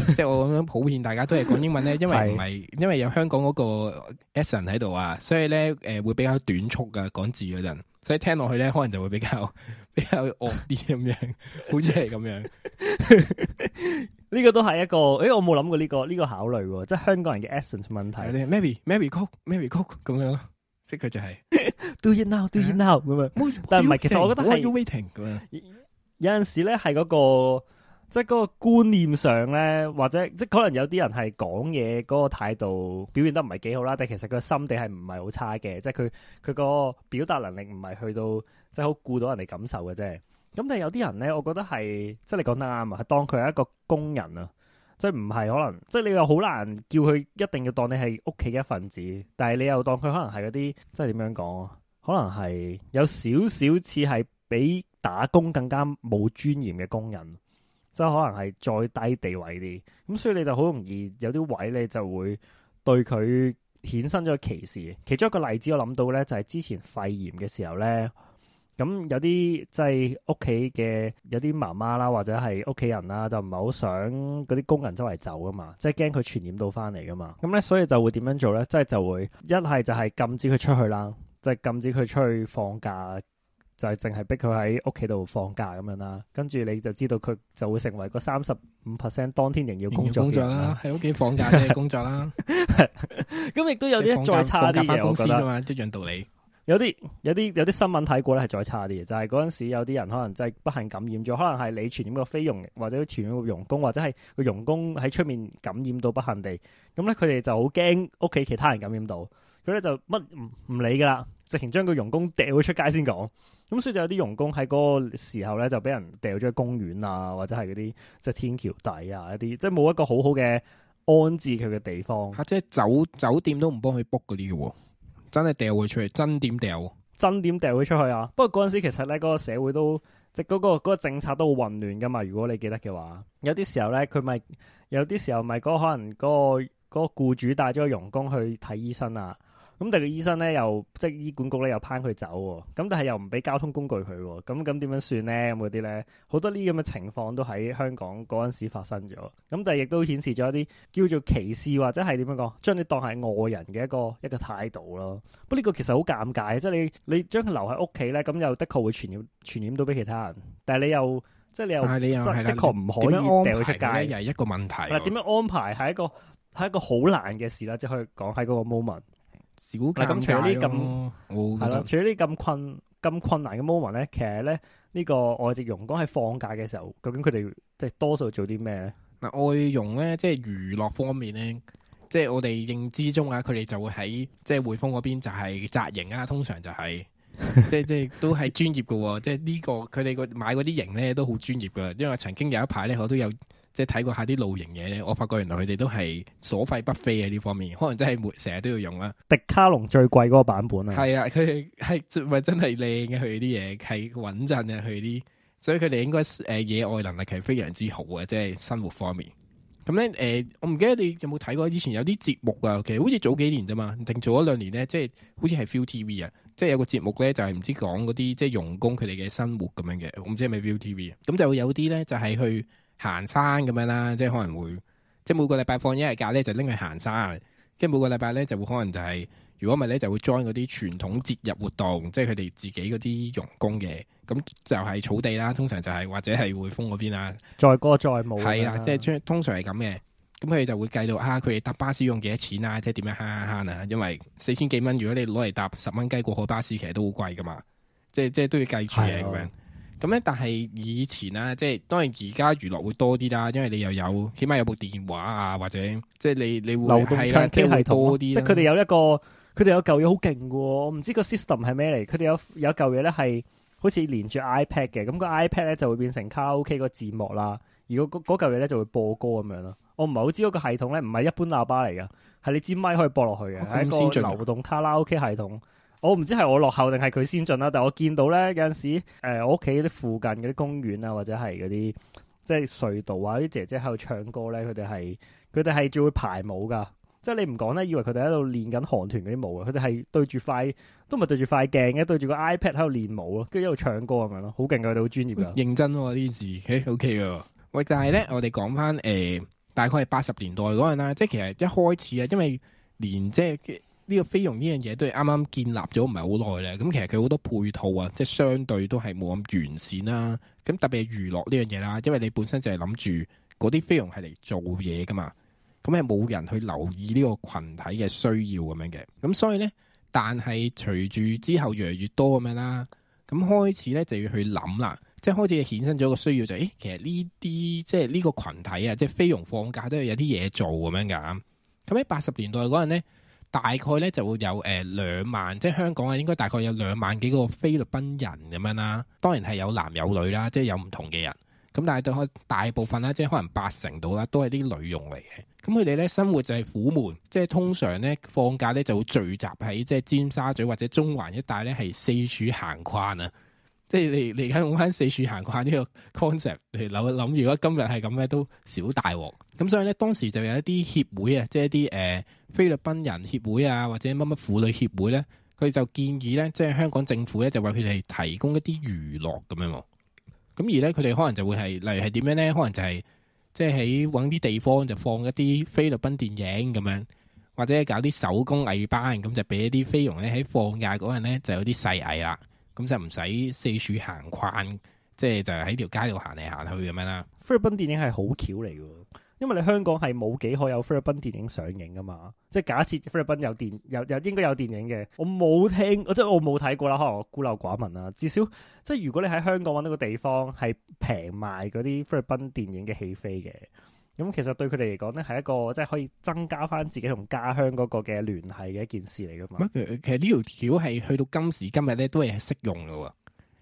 即係我咁樣普遍，大家都係講英文咧，因為唔係因為有香港嗰個 accent 喺度啊，所以咧誒、呃、會比較短促噶講字嗰陣，所以聽落去咧可能就會比較比較惡啲咁樣，好似係咁樣。呢個都係一個，誒、欸、我冇諗過呢、這個呢、這個考慮喎，即、就、係、是、香港人嘅 accent 問題，Mary Mary Cook Mary Cook 咁樣，即佢就係、是。 Do it now, do it now、啊、但係唔係，其實我覺得係 waiting 有陣時咧、那個，係嗰個即係個觀念上咧，或者即係可能有啲人係講嘢嗰個態度表現得唔係幾好啦，但係其實佢心地係唔係好差嘅，即係佢佢個表達能力唔係去到即係好顧到人哋感受嘅啫。咁但係有啲人咧，我覺得係即係你講得啱啊，係當佢係一個工人啊，即係唔係可能，即係你又好難叫佢一定要當你係屋企嘅一份子，但係你又當佢可能係嗰啲即係點樣講？可能係有少少似係比打工更加冇尊嚴嘅工人，即係可能係再低地位啲。咁所以你就好容易有啲位，你就會對佢衍生咗歧視。其中一個例子我諗到咧，就係之前肺炎嘅時候咧，咁有啲即係屋企嘅有啲媽媽啦，或者係屋企人啦，就唔係好想嗰啲工人周圍走啊嘛，即係驚佢傳染到翻嚟噶嘛。咁咧，所以就會點樣做咧？即係就會一係就係禁止佢出去啦。就禁止佢出去放假，就係淨係逼佢喺屋企度放假咁樣啦。跟住你就知道佢就會成為個三十五 percent 當天仍要工作啦，喺屋企放假嘅工作啦。咁亦都有啲再差啲嘅公司，我覺得一樣道理。有啲有啲有啲新聞睇過咧，係再差啲嘅，就係嗰陣時有啲人可能真係不幸感染咗，可能係你傳染個菲傭，或者傳染個傭工，或者係個傭工喺出面感染到不幸地，咁咧佢哋就好驚屋企其他人感染到，佢咧就乜唔唔理噶啦。直情將個傭工掉咗出街先講，咁所以就有啲傭工喺嗰個時候咧就俾人掉咗去公園啊，或者係嗰啲即係天橋底啊，一啲即係冇一個好好嘅安置佢嘅地方。嚇、啊，即係酒酒店都唔幫佢 book 嗰啲嘅喎，真係掉佢出去，真點掉，真點掉佢出去啊？不過嗰陣時其實咧，嗰、嗰個社會都即係、嗰、嗰、個嗰個嗰個政策都好混亂噶嘛。如果你記得嘅話，有啲時候咧佢咪有啲時候咪嗰、嗰個、可能嗰、嗰個嗰、嗰個僱主帶咗個傭工去睇醫生啊，咁但係個醫生咧又即係醫管局咧又拏佢走，咁但係又唔俾交通工具佢，咁咁點樣算咧？咁嗰啲咧，好多呢啲咁嘅情況都喺香港嗰陣時發生咗。咁但係亦都顯示咗一啲叫做歧視或者係點樣講，將你當係外人嘅一個一個態度咯。不過呢個其實好尷尬，即係你你將佢留喺屋企咧，咁又的確會傳染傳染到俾其他人。但係你又即係你又，你又即係的確唔可以掉佢出街，又係一個問題。唔係點樣安排係一個係一個好難嘅事啦，即係可以講喺嗰個 moment。少咁除啲咁係咯，除咗啲咁困咁、嗯、困難嘅 moment 咧，其實咧呢、呢個外籍傭工喺放假嘅時候究竟佢哋即係多數做啲咩咧？嗱，外傭咧即係娛樂方面咧，即係我哋認知中啊，佢哋就會喺即係匯豐嗰邊就係紮營啊，通常就係、是、即係即係都係專業噶， 即係呢、呢個佢哋個買嗰啲營咧都好專業噶，因為曾經有一排咧我都有。即係睇過下啲露營嘢咧，我發覺原來佢哋都係所費不菲嘅呢方面，可能真係成日都要用啦。迪卡龍最貴嗰個版本啊，係啊，佢係唔係真係靚嘅，佢啲嘢係穩陣嘅，佢啲，所以佢哋應該誒野外能力係非常之好嘅，即係生活方面。咁咧誒，我唔記得你有冇睇過以前有啲節目啊，其實好似早幾年咋嘛，定做咗兩年咧，即係好似係 ViuTV 啊，即係有個節目咧就係、是、唔知講嗰啲即係傭工佢哋嘅生活咁樣嘅，我唔知係咪 ViuTV 啊。咁就會有啲咧就係、是、去。行山咁樣啦，即係可能會，即係每個禮拜放一日假咧，就拎去行山。即係每個禮拜咧，就會可能就係、是，如果唔係咧，就會 join 嗰啲傳統節日活動，即係佢哋自己嗰啲傭工嘅。咁就係草地啦，通常就係、是、或者係會封嗰邊啦。載歌載舞。係啦，即係通常係咁嘅。咁佢哋就會計到啊，佢哋搭巴士用幾多錢啊？即係點樣慳慳啊？因為四千幾蚊，如果你攞嚟搭十蚊雞過海巴士，其實都好貴㗎嘛。即係即係都要計住嘅咁樣。咁咧，但係以前咧，即係當然而家娛樂會多啲啦，因為你又有起碼有部電話啊，或者即係你你會唱片系統的會即係多啲，即係佢哋有一個，佢哋有嚿嘢好勁嘅，我唔知個 system 係咩嚟。佢哋有有一嚿嘢咧，係好似連住 iPad 嘅，咁個 iPad 咧就會變成卡拉 OK 個字幕啦。如果嗰嗰嚿嘢咧就會播歌咁樣咯。我唔係好知嗰個系統咧，唔係一般喇叭嚟噶，係你支咪可以播落去嘅先、哦、個流動卡拉 OK 系統。我唔知係我落後定係佢先進啦，但係我見到咧有陣時，誒、呃，我屋企啲附近嗰啲公園啊，或者係嗰啲即係隧道啊，啲姐姐喺度唱歌咧，佢哋係佢哋係最會排舞噶，即係你唔講咧，以為佢哋喺度練緊韓團嗰啲舞，舞啊，佢哋係對住塊都唔係對住塊鏡嘅，對住個 iPad 喺度練舞咯，跟住喺度唱歌咁樣咯。好勁噶，佢哋好專業噶，認真啲字，OK 嘅。喂，但係咧，我哋講翻誒，大概八十年代嗰陣啦，即係其實一開始啊，因為連即係。呢個菲傭呢樣嘢都係啱啱建立咗，唔係好耐喇。咁其實佢好多配套啊，即係相對都係冇咁完善啦。咁特別係娛樂呢樣嘢啦，因為你本身就係諗住嗰啲菲傭係嚟做嘢噶嘛，咁係冇人去留意呢個群體嘅需要咁樣嘅。咁所以呢，但係隨住之後越嚟越多咁樣啦，咁開始呢就要去諗啦，即係開始衍生咗個需要就誒，其實呢啲即係呢個群體啊，即係菲傭放假都要有啲嘢做咁樣㗎。咁喺八十年代嗰陣呢。大概咧就會有誒兩、呃、萬，即係香港啊，應該大概有兩萬幾個菲律賓人咁樣啦。當然係有男有女啦，即係有唔同嘅人。咁但係對大部分啦，即係可能八成度啦，都係啲女傭嚟嘅。咁佢哋咧生活就係苦悶，即係通常咧放假咧就會聚集喺即係尖沙咀或者中環一帶咧，係四處行逛。啊。即係你你而家用翻四處行過下呢個 concept 嚟諗一諗，如果今日係咁咧，都少大鑊。咁所以咧，當時就有一啲協會啊，即係一啲誒、呃、菲律賓人協會啊，或者乜乜婦女協會咧，佢就建議咧，即係香港政府咧，就為佢哋提供一啲娛樂咁樣。咁而咧，佢哋可能就會係例如係點樣咧？可能就係、是、即係喺揾啲地方就放一啲菲律賓電影咁樣，或者搞啲手工藝班，咁就俾一啲菲傭咧喺放假嗰陣咧就有啲細藝啦。咁就唔使四處行逛，即係就喺條街度行嚟行去咁樣啦。菲律賓電影係好巧嚟嘅，因為你香港係冇幾可有菲律賓電影上映噶嘛。即係假設菲律賓有電有有應該有電影嘅，我冇聽，即我即係我冇睇過啦，可能我孤陋寡聞啦。至少即係如果你喺香港揾到個地方係平賣嗰啲菲律賓電影嘅戲飛嘅。咁其實對佢哋嚟講咧，係一個即係可以增加翻自己同家鄉嗰個嘅聯繫嘅一件事嚟噶嘛。乜？其實呢條橋係去到今時今日咧，都係適用嘅喎。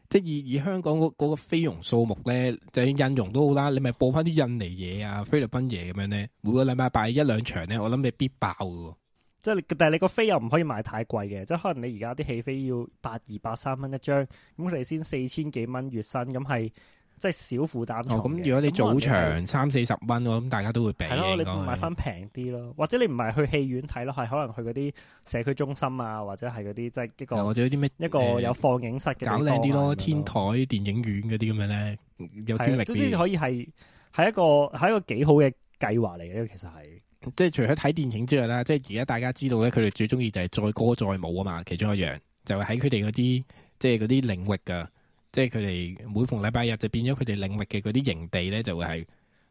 即係以以香港嗰嗰個菲傭數目咧，就印傭都好啦。你咪播翻啲印尼嘢啊、菲律賓嘢咁樣咧，每個禮拜擺一兩場咧，我諗你必爆嘅。即係但係你個飛又唔可以賣太貴嘅。即係可能你而家啲戲飛要八二八三蚊一張，咁佢哋先四千幾蚊月薪，咁係。即係少負擔。咁、哦、如果你早場三四十蚊，咁大家都會平。咯、啊，你買翻平啲咯，或者你唔係去戲院睇咯，係可能去嗰啲社區中心啊，或者係嗰啲即係一個，或者啲咩一個有放映室嘅、嗯、搞靚啲咯，天台電影院嗰啲咁嘅咧，嗯、有專域總之可以係係一個係一個幾好嘅計劃嚟嘅。呢個其實係即係除咗睇電影之外啦，即係而家大家知道咧，佢哋最中意就係載歌載舞啊嘛，其中一樣就係喺佢哋嗰啲即係嗰啲領域噶。即係佢哋每逢禮拜日就變咗佢哋領域嘅嗰啲營地呢，就會係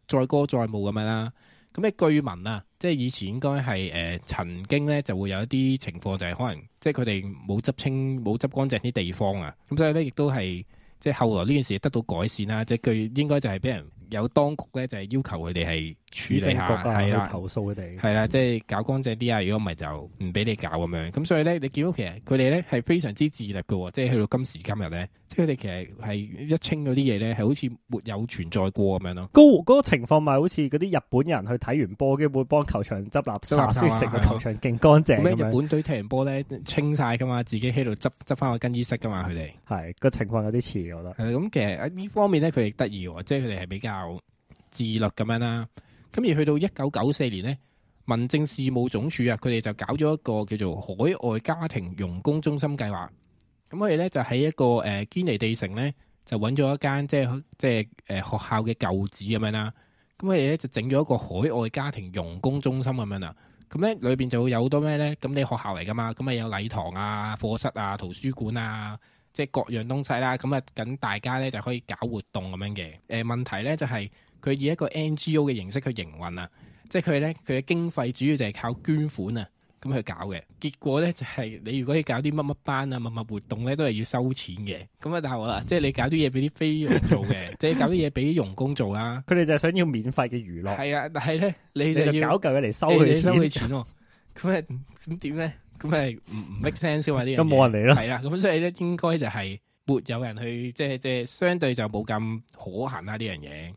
載歌載舞咁樣啦。咁呢據聞啊，即係以前應該係誒曾經呢，就會有一啲情況就係可能，即係佢哋冇執清、冇執乾淨啲地方啊。咁所以呢，亦都係即係後來呢件事得到改善啦。即係佢應該就係俾人有當局呢，就係、是、要求佢哋係。處理下係啦，啊、的投訴佢哋係啦，的嗯、即係搞乾淨啲啊！如果唔係就唔俾你搞咁樣。咁所以咧，你見到其實佢哋咧係非常之自律嘅喎，即係去到今時今日咧，即係佢哋其實係一清嗰啲嘢咧，係好似沒有存在過咁樣咯。嗰、嗯、個情況咪好似嗰啲日本人去睇完波嘅會幫球場執垃圾，即係成個球場勁乾淨。日本隊踢完波咧清晒㗎嘛，自己喺度執執返個更衣室㗎嘛，佢哋係個情況有啲似我覺得。咁的其實喺呢方面咧，佢哋得意喎，即係佢哋係比較自律咁樣啦。咁而去到一九九四年呢，民政事務總署啊，佢哋就搞咗一個叫做海外家庭傭工中心計劃。咁佢哋咧就喺一個誒、呃、堅尼地城呢，就揾咗一間即係即係、呃、學校嘅舊址咁樣啦。咁佢哋咧就整咗一個海外家庭傭工中心咁樣啊。咁咧裏邊就會有好多咩呢？咁你學校嚟噶嘛？咁啊有禮堂啊、課室啊、圖書館啊，即係各樣東西啦。咁啊，等大家呢，就可以搞活動咁樣嘅。誒、呃，問題咧就係、是。佢以一個 NGO 嘅形式去營運啊，即係佢咧，佢嘅經費主要就係靠捐款啊，咁去搞嘅。結果咧就係、是、你如果要搞啲乜乜班啊、乜乜活動咧，都係要收錢嘅。咁啊，大鑊喇，即係你搞啲嘢俾啲菲傭做嘅，即係 搞啲嘢俾啲傭工做啊。佢哋就係想要免費嘅娛樂。係啊，但係咧，你就，要你就搞嚿嘢嚟收佢哋錢，欸收錢，咁啊， 咁點咧？咁咪唔唔 make sense 啲人。咁冇人嚟咯。係啊，咁所以咧，應該就係沒有人去，即係即係相對就冇咁可行啦呢樣嘢。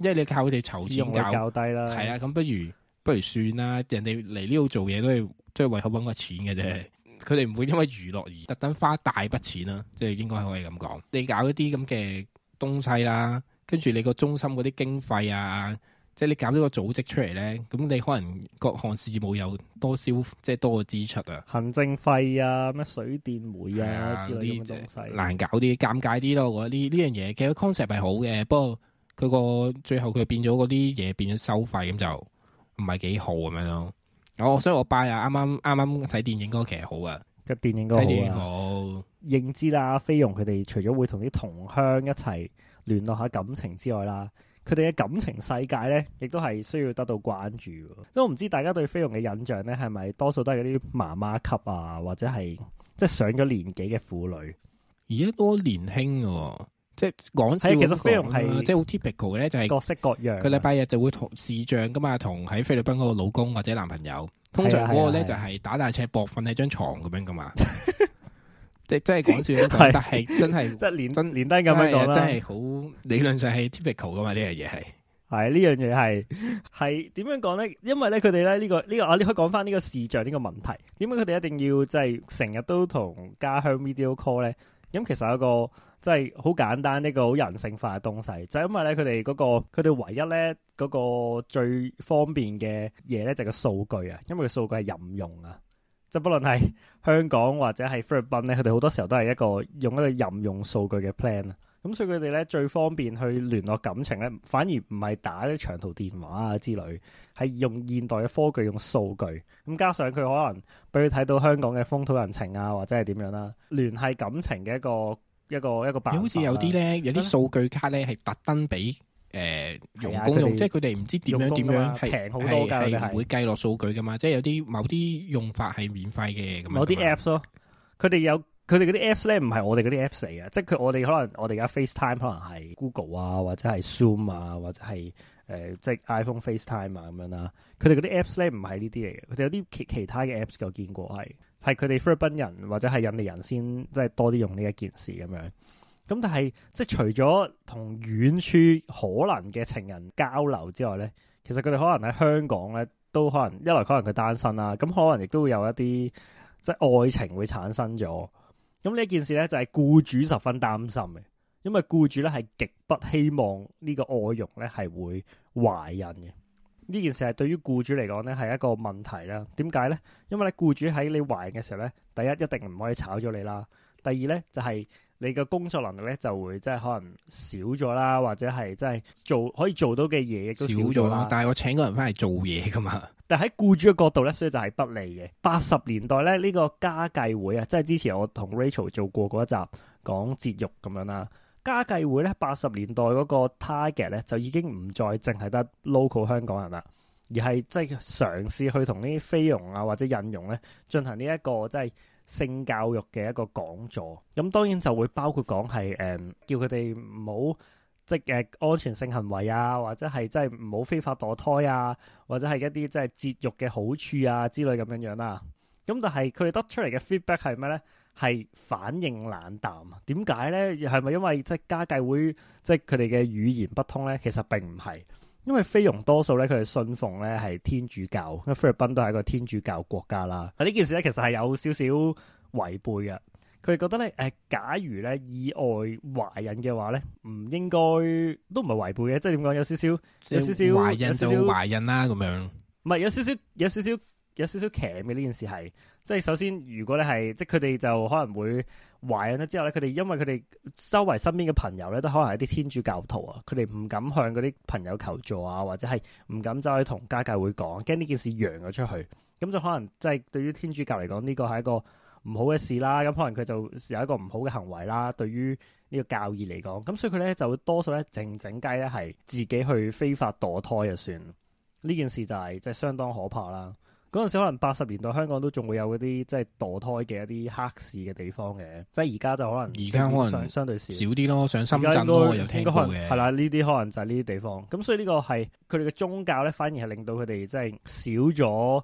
因為你靠佢哋籌資搞，係啦，咁不如不如算啦。人哋嚟呢度做嘢都係，即係為咗搵個錢嘅啫。佢哋唔會因為娛樂而特登花大筆錢啦。即係應該可以咁講。你搞一啲咁嘅東西啦，跟住你個中心嗰啲經費啊，即係你搞咗個組織出嚟咧，咁你可能各項事務有多少，即係多嘅支出啊。行政費啊，咩水電煤啊的之類嘅東西，難搞啲，尷尬啲咯。我覺得呢呢樣嘢其實 concept 係好嘅，不過。佢個最後佢變咗嗰啲嘢變咗收費咁就唔係幾好咁樣咯。我所以我拜啊，啱啱啱啱睇電影嗰個其實好啊，個電影都好啊。好認知啦，菲傭佢哋除咗會同啲同鄉一齊聯絡下感情之外啦，佢哋嘅感情世界咧，亦都係需要得到關注。所以我唔知大家對菲傭嘅印象咧，係咪多數都係嗰啲媽媽級啊，或者係即係上咗年紀嘅婦女，而家都年輕嘅、啊。即係講笑嘅講啦，即係好 typical 嘅咧，就係各式各樣。佢禮拜日就會同視像噶嘛，同喺菲律賓嗰個老公或者男朋友，通常嗰個咧就係打大赤膊瞓喺張床咁樣噶嘛。即係即係講笑，但係真係即係連真連低咁樣講，真係好理論上係 typical 噶嘛呢樣嘢係。係呢樣嘢係係點樣講咧？因為咧佢哋咧呢個呢個，啊你可以講翻呢個視像呢個問題。點解佢哋一定要即係成日都同家鄉 video call 咧？咁其實有個。即係好簡單，呢個好人性化嘅東西，就因為咧佢哋嗰個佢哋唯一咧嗰個最方便嘅嘢咧就係個數據啊，因為個數據係任用啊，即係不論係香港或者係菲律賓咧，佢哋好多時候都係一個用一個任用數據嘅 plan 啊。咁所以佢哋咧最方便去聯絡感情咧，反而唔係打啲長途電話啊之類，係用現代嘅科技用數據。咁加上佢可能俾佢睇到香港嘅風土人情啊，或者係點樣啦、啊，聯繫感情嘅一個。一個一個白好似有啲咧，是有啲數據卡咧係特登俾誒用公用，即係佢哋唔知點樣點樣係平好多噶，係會計落數據噶嘛？即係有啲某啲用法係免費嘅咁某啲 apps 咯，佢哋有佢哋嗰啲 apps 咧，唔係我哋嗰啲 apps 嚟嘅，即係佢我哋可能我哋而家 FaceTime 可能係 Google 啊，或者係 Zoom 啊，或者係誒、呃、即係 iPhone FaceTime 啊咁樣啦。佢哋嗰啲 apps 咧唔係呢啲嚟嘅，佢哋有啲其他嘅 apps 就見過係。係佢哋菲律賓人或者係印尼人先，即係多啲用呢一件事咁樣。咁但係即係除咗同遠處可能嘅情人交流之外咧，其實佢哋可能喺香港咧都可能一來可能佢單身啦，啊，咁可能亦都會有一啲即係愛情會產生咗。咁呢一件事咧就係、是、僱主十分擔心嘅，因為僱主咧係極不希望呢個外傭咧係會懷孕嘅。呢件事係對於僱主嚟講咧係一個問題啦。點解咧？因為咧僱主喺你懷嘅時候咧，第一一定唔可以炒咗你啦。第二咧就係、是、你嘅工作能力咧就會即係可能少咗啦，或者係即係做可以做到嘅嘢都少咗啦。但係我請個人翻嚟做嘢㗎嘛。但係喺僱主嘅角度咧，所以就係不利嘅。八十年代咧呢、這個家計會啊，即係之前我同 Rachel 做過嗰一集講節育咁樣啦。家計會咧，八十年代嗰個 target 咧，就已經唔再淨係得 local 香港人啦，而係即係嘗試去同呢啲菲傭啊或者印傭咧進行呢一個即係性教育嘅一個講座。咁當然就會包括講係誒叫佢哋唔好即係安全性行為啊，或者係即係唔好非法墮胎啊，或者係一啲即係節育嘅好處啊之類咁樣樣啦。咁但係佢哋得出嚟嘅 feedback 係咩咧？係反應冷淡，點解咧？係咪因為即係家計會，即係佢哋嘅語言不通咧？其實並唔係，因為菲傭多數咧佢哋信奉咧係天主教，因為菲律賓都係一個天主教國家啦。嗱，呢件事咧其實係有少少違背嘅。佢哋覺得咧誒，假如咧意外懷孕嘅話咧，唔應該都唔係違背嘅，即係點講？有少少有少少，有少少懷孕就懷孕啦咁樣。唔係有少少有少少有少少奇嘅呢件事係。即係首先，如果你係即係佢哋就可能會懷孕咗之後咧，佢哋因為佢哋周圍身邊嘅朋友咧都可能係啲天主教徒啊，佢哋唔敢向嗰啲朋友求助啊，或者係唔敢走去同家教會講，驚呢件事揚咗出去，咁就可能即係對於天主教嚟講呢個係一個唔好嘅事啦。咁可能佢就有一個唔好嘅行為啦，對於呢個教義嚟講。咁所以佢咧就會多數咧靜靜雞咧係自己去非法墮胎就算。呢件事就係即係相當可怕啦。嗰陣時可能八十年代香港都仲會有嗰啲即係墮胎嘅一啲黑市嘅地方嘅，即係而家就可能而家可能相對少啲咯，上深圳應該有聽到嘅，係啦，呢啲的可能就係呢啲地方。咁所以呢個係佢哋嘅宗教咧，反而係令到佢哋即係少咗，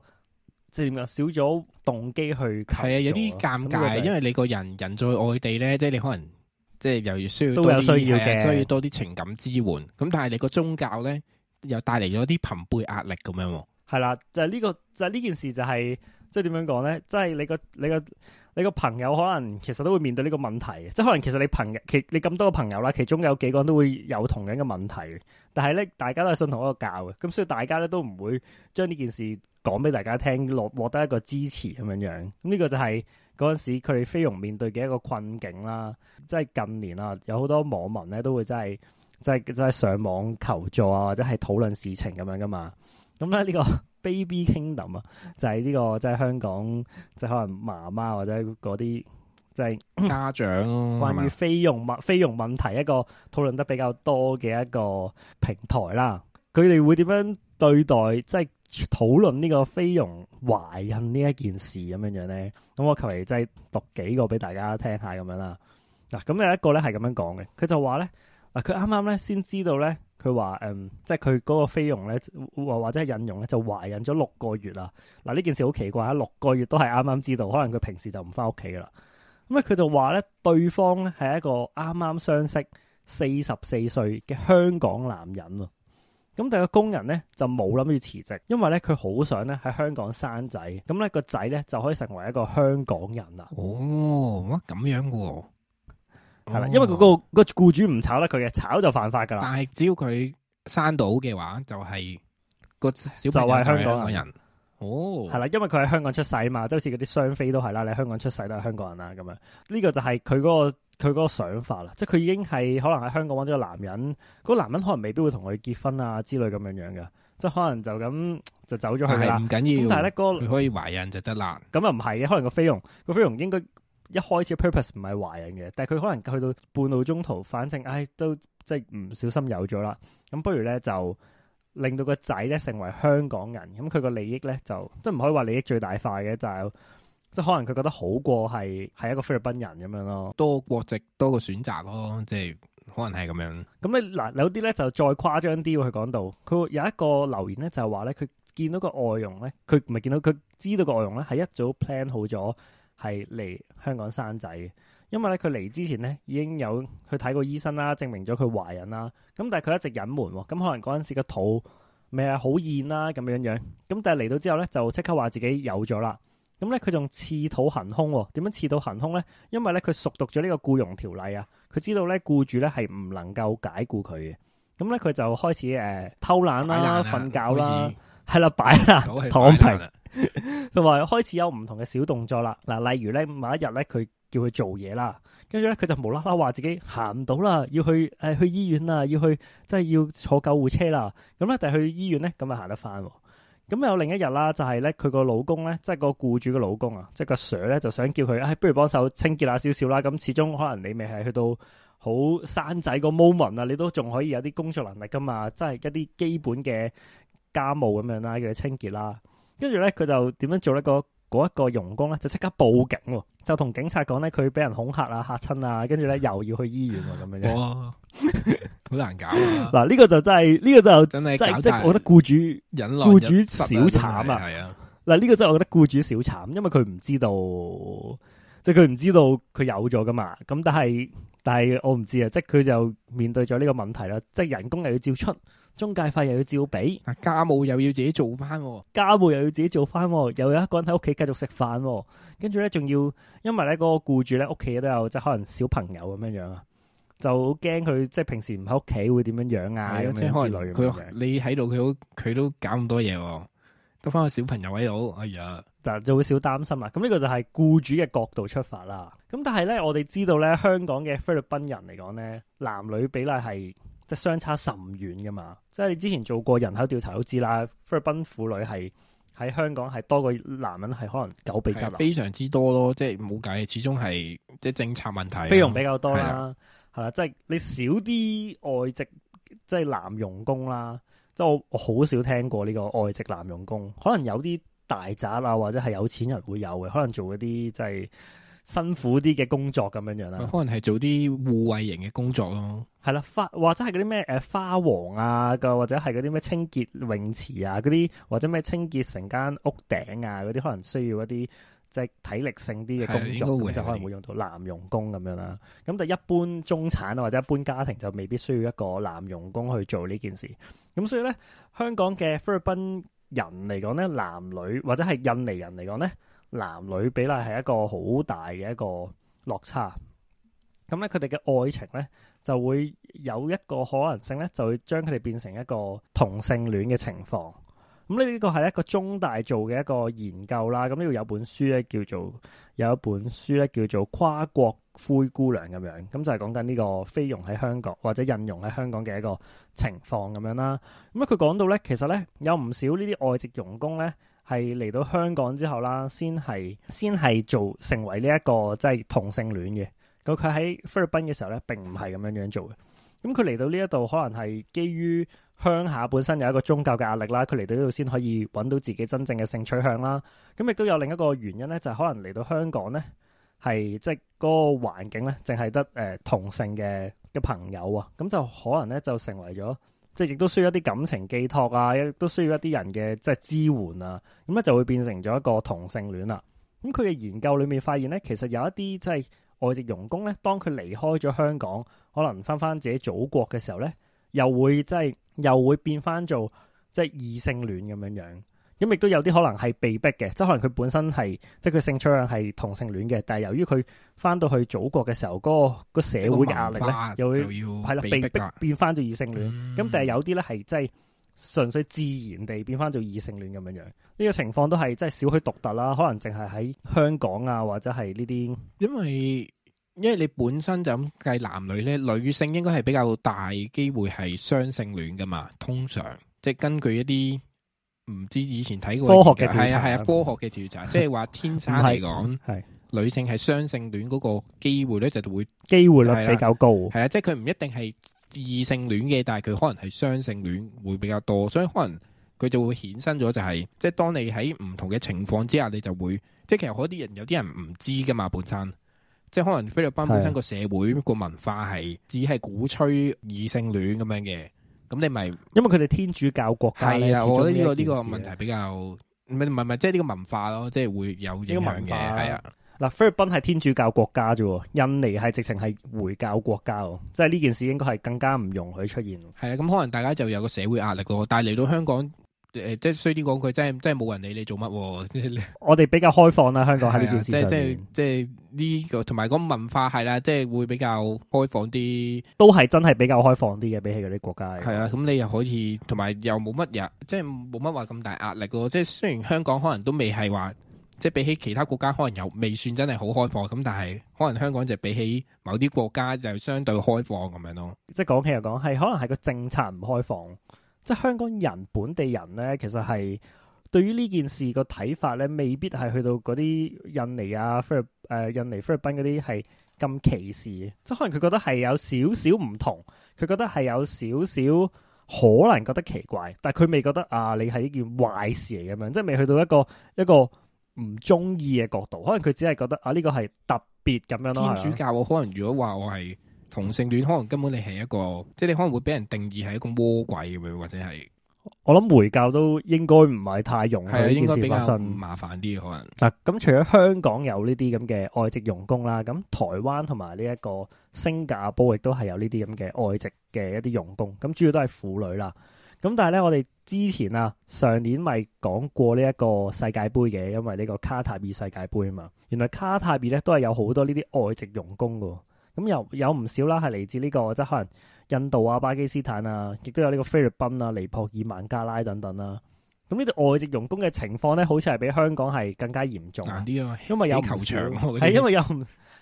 即係點講？少咗動機去係啊，有啲尷尬，就是、因為你個人人在外地咧，即係你可能即係由於需要都有需要嘅、啊，需要多啲情感支援。咁但係你個宗教咧又帶嚟咗啲朋輩壓力咁樣。係啦，就係、是、呢、這個就係、是、呢件事、就是，就係即係點樣講咧？即、就、係、是、你個你個你個朋友可能其實都會面對呢個問題，即係可能其實你朋友其你咁多個朋友啦，其中有幾個都會有同樣嘅問題，但係咧大家都係信同一個教嘅，咁所以大家咧都唔會將呢件事講俾大家聽，落獲，獲得一個支持咁樣樣。呢、這個就係嗰陣時佢哋菲傭面對嘅一個困境啦。即係近年啦，有好多網民咧都會真係真係真係上網求助啊，或者係討論事情咁樣噶嘛。咁咧呢個 Baby Kingdom 啊、這個，就係呢個即係香港，即、就、係、是、可能媽媽或者嗰啲即係家長、啊、關於菲傭問菲傭問題一個討論得比較多嘅一個平台啦。佢哋會點樣對待即係討論呢個菲傭懷孕呢一件事咁樣樣咧？咁我求其即係讀幾個俾大家聽下咁樣啦。嗱，咁有一個咧係咁樣講嘅，佢就話咧。嗱，佢啱啱咧先知道咧，佢話誒，即係佢嗰個菲傭咧，或或者係印傭咧，就懷孕咗六個月啦。嗱，呢件事好奇怪啊！六個月都係啱啱知道，可能佢平時就唔返屋企啦。咁咧，佢就話咧，對方咧係一個啱啱相識四十四歲嘅香港男人喎。咁但個工人咧就冇諗住辭職，因為咧佢好想咧喺香港生仔，咁咧個仔咧就可以成為一個香港人啊。哦，乜咁樣嘅喎、哦？係啦，因為嗰、那個個、哦、雇主唔炒得佢嘅，炒就犯法噶啦。但係只要佢生到嘅話，就係、是、個小就係香港人。港人哦，係啦，因為佢喺香港出世嘛，即係好似嗰啲雙非都係啦，你喺香港出世都係香港人啦。咁樣呢、這個就係佢嗰個佢個想法啦，即係佢已經係可能喺香港揾到個男人，嗰、那個男人可能未必會同佢結婚啊之類咁樣樣嘅，即係可能就咁就走咗去了，啦。唔緊要，但係咧嗰個可以懷孕就得啦。咁啊唔係嘅，可能個菲傭、那個菲傭應該。一開始嘅 purpose 唔係華人嘅，但係佢可能去到半路中途，反正唉都即係唔小心有咗啦，咁不如咧就令到個仔咧成為香港人，咁佢個利益咧就即係唔可以話利益最大化嘅，就即係可能佢覺得好過係係一個菲律賓人咁樣咯，多國籍多個選擇咯，即係可能係咁樣。咁你嗱有啲咧就再誇張啲佢講到，佢有一個留言咧就話咧，佢見到個外傭咧，佢咪係見到佢知道個外傭咧係一早 plan 好咗。係嚟香港生仔，因為咧佢嚟之前咧已經有去睇過醫生啦，證明咗佢懷孕啦。咁但係佢一直隱瞞喎，咁可能嗰陣時個肚未係好現啦咁樣樣。咁但係嚟到之後咧就即刻話自己有咗啦。咁咧佢仲竊土行凶喎，點樣竊土行凶咧？因為咧佢熟讀咗呢個僱傭條例啊，佢知道咧僱主咧係唔能夠解僱佢嘅。咁咧佢就開始誒、呃、偷懶啦、瞓覺啦。係啦，擺啦，躺平同埋啦 開始有唔同嘅小動作啦。嗱，例如咧，某一日咧，佢叫佢做嘢啦，跟住咧，佢就無啦啦話自己行唔到啦，要去誒去醫院啊，要去即係、即係、要坐救護車啦。咁咧，但係去醫院咧，咁咪行得返。咁有另一日啦，就係咧，佢個老公咧，即係個雇主嘅老公啊，即係個 Sir 咧，就想叫佢誒，不如幫手清潔下少少啦。咁始終可能你未係去到好山仔個 moment 啊，你都仲可以有啲工作能力噶嘛，即係一啲基本嘅。家務咁樣啦，叫佢清潔啦，跟住咧佢就點樣做呢？個嗰一個傭工咧就即刻報警，就同警察講咧佢俾人恐吓啊、吓親啊，跟住咧又要去醫院咁樣，哇 好難搞、啊。嗱，呢個就真係呢、呢個就真係即係，我覺得雇主忍雇主小慘啊。嗱、嗯，呢個真係我覺得雇主小慘，因為佢唔知道，即係佢唔知道佢有咗噶嘛。咁但係但係我唔知啊，即係佢就面對咗呢個問題啦，即係人工又要照出。中介費又要照俾，家務又要自己做翻、哦，家務又要自己做翻、哦，又有一個人喺屋企繼續食飯、哦，跟住咧仲要，因為咧嗰個僱主咧屋企都有即係可能小朋友咁樣樣啊，就驚佢即係平時唔喺屋企會點樣樣啊咁樣之類咁樣。你喺度佢都佢都搞咁多嘢、啊，得翻個小朋友喺度，哎呀嗱，就會少擔心啦。咁呢個就係僱主嘅角度出發啦。咁但係咧我哋知道咧香港嘅菲律賓人嚟講咧男女比例係，即係相差甚遠嘅嘛，即係你之前做過人口調查都知啦，菲律賓婦女係喺香港係多過男人係可能九比一，非常之多咯，即係冇計，始終係即係政策問題，菲傭比較多啦，係啦的，即係你少啲外籍即係男傭工啦，即係我我好少聽過呢個外籍男傭工，可能有啲大宅啊或者係有錢人會有嘅，可能做一啲即係，辛苦啲嘅工作咁樣樣啦，可能係做啲護衛型嘅工作咯，係啦，花或者係嗰啲咩誒花王啊，個或者係嗰啲咩清潔泳池啊，嗰啲或者咩清潔成間屋頂啊，嗰啲可能需要一啲即係體力性啲嘅工作，就可能會用到男傭工咁樣啦。咁就一般中產或者一般家庭就未必需要一個男傭工去做呢件事。咁所以咧，香港嘅菲律賓人嚟講咧，男女或者係印尼人嚟講咧。男女比例係一個好大嘅一個落差，咁咧佢哋嘅愛情咧就會有一個可能性咧，就會將佢哋變成一個同性戀嘅情況。咁呢個係一個中大做嘅一個研究啦。咁呢度有本書咧，叫做有一本書咧，叫做《跨國灰姑娘》咁樣。咁就係講緊呢個菲傭喺香港或者印傭喺香港嘅一個情況咁樣啦。咁咧佢講到咧，其實咧有唔少呢啲外籍傭工咧。係嚟到香港之後啦，先係先係做成為呢、這、一個即係、就是、同性戀嘅。咁佢喺菲律賓嘅時候咧，並唔係咁樣樣做嘅。咁佢嚟到呢一度，可能係基於鄉下本身有一個宗教嘅壓力啦。佢嚟到呢度先可以揾到自己真正嘅性取向啦。咁亦都有另一個原因咧，就係、是、可能嚟到香港咧，係即係嗰個環境咧，淨係得誒、呃、同性嘅嘅朋友啊。咁就可能咧，就成為咗。即係亦都需要一啲感情寄託啊，亦都需要一啲人嘅即係支援啊，咁咧就會變成咗一個同性戀啦。咁佢嘅研究裏面發現咧，其實有一啲即係外籍傭工咧，當佢離開咗香港，可能翻翻自己祖國嘅時候咧，又會即、就、係、是、又會變翻做即係異性戀咁樣樣。咁亦都有啲可能係被迫嘅，即係可能佢本身係即係佢性取向係同性戀嘅，但係由於佢翻到去祖國嘅時候，嗰、嗰個社會壓力咧，就要又會係啦被迫變翻做異性戀。咁但係有啲咧係即係純粹自然地變翻做異性戀咁樣樣。呢、呢個情況都係即係少許獨特啦，可能淨係喺香港啊或者係呢啲。因為因為你本身就咁計男女咧，女性應該係比較大機會係雙性戀噶嘛。通常即係根據一啲。唔知以前睇過科學嘅調查係啊係啊，科學嘅調查，即係話天生嚟講，係的女性係雙性戀嗰個機會咧就就會機會率比較高，係啊，即係佢唔一定係異性戀嘅，但係佢可能係雙性戀會比較多，所以可能佢就會衍生咗就係、是，即係當你喺唔同嘅情況之下，你就會，即係其實嗰啲人有啲人唔知㗎嘛本身，即係可能菲律賓本身個社會個的文化係只係鼓吹異性戀咁樣嘅。咁你咪、就是，因為佢哋天主教國家，係啊的，這個、我覺得呢個呢個問題比較唔係唔係，即係呢個文化咯，即係會有影響嘅，係啊。嗱的，菲律賓係天主教國家啫，印尼係直情係回教國家，即係呢件事應該係更加唔容許出現。係啊，咁可能大家就有個社會壓力咯，但係嚟到香港，誒、呃，即係衰啲講句，真係真係冇人理你做乜。 我哋比較開放啦、啊，香港喺呢、啊、件事即係即係呢、這個，同埋個文化係啦，即係會比較開放啲，都係真係比較開放啲嘅，比起嗰啲國家。係啊，咁你又可以，同埋又冇乜壓，即係冇乜話咁大壓力嘅、啊。即係雖然香港可能都未係話，即係比起其他國家可能又未算真係好開放咁，但係可能香港就比起某啲國家就相對開放咁樣咯。即係講起嚟講，係可能係個政策唔開放。即係香港人本地人咧，其實係對於呢件事個睇法咧，未必係去到嗰啲印尼啊、菲律、呃、印尼菲律賓嗰啲係咁歧視。即係可能佢覺得係有少少唔同，佢覺得係有少少可能覺得奇怪，但係佢未覺得啊，你係一件壞事嚟咁樣，即係未去到一個一個唔中意嘅角度。可能佢只係覺得啊，呢個係特別咁樣咯。天主教我可能如果話我係，同性戀可能根本你係一個，即係你可能會俾人定義係一個魔鬼咁樣，或者係我諗回教都應該唔係太容許，應該比較麻煩啲可能、啊。嗱咁，除咗香港有呢啲咁嘅外籍傭工啦，咁台灣同埋呢一個新加坡亦都係有呢啲咁嘅外籍嘅一啲傭工，咁主要都係婦女啦。咁但係咧，我哋之前啊，上年咪講過呢一個世界盃嘅，因為呢個卡塔爾世界盃啊嘛，原來卡塔爾咧都係有好多呢啲外籍傭工噶。咁又、嗯、有唔少啦、這個，係嚟自呢個即係可能印度啊、巴基斯坦啊，亦都有呢個菲律賓啊、尼泊爾、孟加拉等等啦。咁呢度外籍傭工嘅情況咧，好似係比香港係更加嚴重啲啊，因為有唔長，係、啊、因為有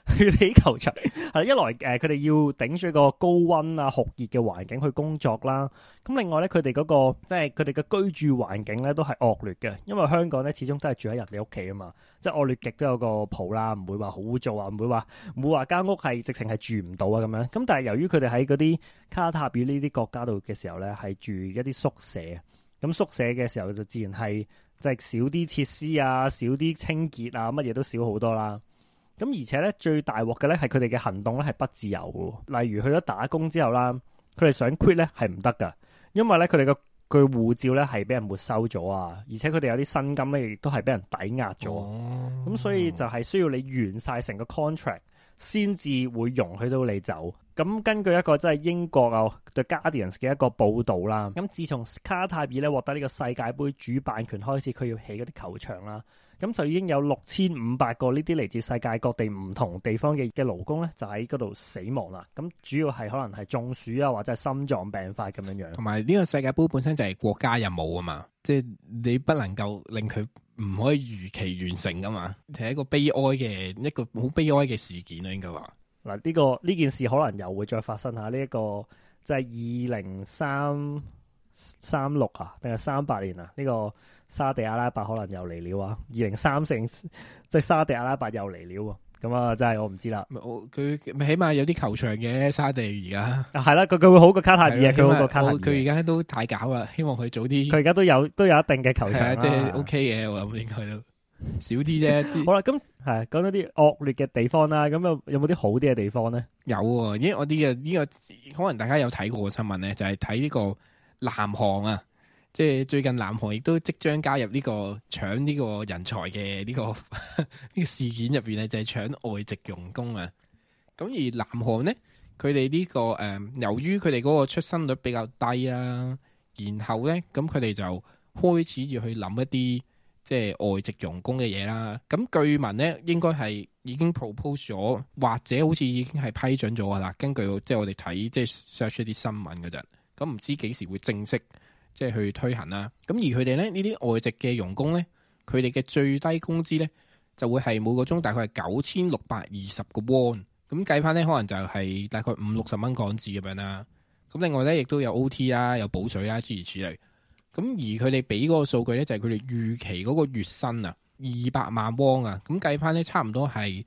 佢哋求情係一來，誒、呃，佢哋要頂住一個高溫啊、酷熱嘅環境去工作啦、啊。咁另外咧，佢哋嗰個即係佢哋嘅居住環境咧，都係惡劣嘅。因為香港咧，始終都係住喺人哋屋企啊嘛，即係惡劣極都有個譜啦，唔會話好污糟啊，唔會話唔會話間屋係直情係住唔到啊咁樣。咁但係由於佢哋喺嗰啲卡塔爾呢啲國家度嘅時候咧，係住一啲宿舍，咁宿舍嘅時候就自然係即係少啲設施啊，少啲清潔啊，乜嘢都少好多啦。咁而且咧，最大鑊嘅咧係佢哋嘅行動咧係不自由嘅。例如去咗打工之後啦，佢哋想 quit 咧係唔得㗎，因為咧佢哋嘅佢護照咧係俾人沒收咗啊，而且佢哋有啲薪金咧亦都係俾人抵押咗。咁、哦、所以就係需要你完晒成個 contract 先至會容許到你走。咁根據一個即係英國啊對 Guardians 嘅一個報導啦，咁自從卡塔爾咧獲得呢個世界盃主辦權開始，佢要起嗰啲球場啦。咁、嗯、就已經有六千五百個呢啲嚟自世界各地唔同地方嘅嘅勞工咧，就喺嗰度死亡啦。咁、嗯、主要係可能係中暑啊，或者係心臟病發咁樣樣。同埋呢個世界盃本身就係國家任務啊嘛，即、就、係、是、你不能夠令佢唔可以如期完成㗎嘛。係一個悲哀嘅一個好悲哀嘅事件啦，應該話。嗱呢、這個呢件事可能又會再發生下呢一、這個，就係二零三三六啊，定係三八年啊呢、這個。沙地阿拉伯可能又嚟了啊！二零三四，即係沙地阿拉伯又嚟了，咁 啊，真係我唔知啦。佢，起碼有啲球場嘅沙地而家係啦，佢佢會好過卡塔爾啊。佢好過卡塔爾。佢而家都太搞啦，希望佢早啲。佢而家都有都有一定嘅球場，啊、即係 OK 嘅，我諗應該都少啲啫。好 啦、 啊，咁係講到啲惡劣嘅地方啦，咁有冇啲好啲嘅地方咧？有，因為我啲嘅呢個可能大家有睇過嘅新聞咧，就係睇呢個南韓啊。即係最近南韓亦都即將加入呢個搶呢個人才嘅呢個呢 個事件入邊啊，就係搶外籍傭工啊。咁而南韓呢，佢哋呢個誒、呃，由於佢哋嗰個出生率比較低啦、啊，然後呢，咁佢哋就開始要去諗一啲即係外籍傭工嘅嘢啦。咁據聞呢，應該係已經 proposal 或者好似已經係批准咗噶啦。根據即係、就是、我哋睇即係 search 出啲新聞嗰陣，咁唔知幾時會正式。即係去推行啦，咁而佢哋咧呢啲外籍嘅傭工呢，佢哋嘅最低工資呢，就會係每個鐘大概係九千六百二十個 Won，咁計翻，呢，可能就係大概五六十蚊港紙咁樣啦。咁另外呢，亦都有 OT 啦，有補水啦，諸如此類。咁而佢哋俾嗰個數據呢，就係佢哋預期嗰個月薪啊，二百萬 Won 啊，咁計翻呢，差唔多係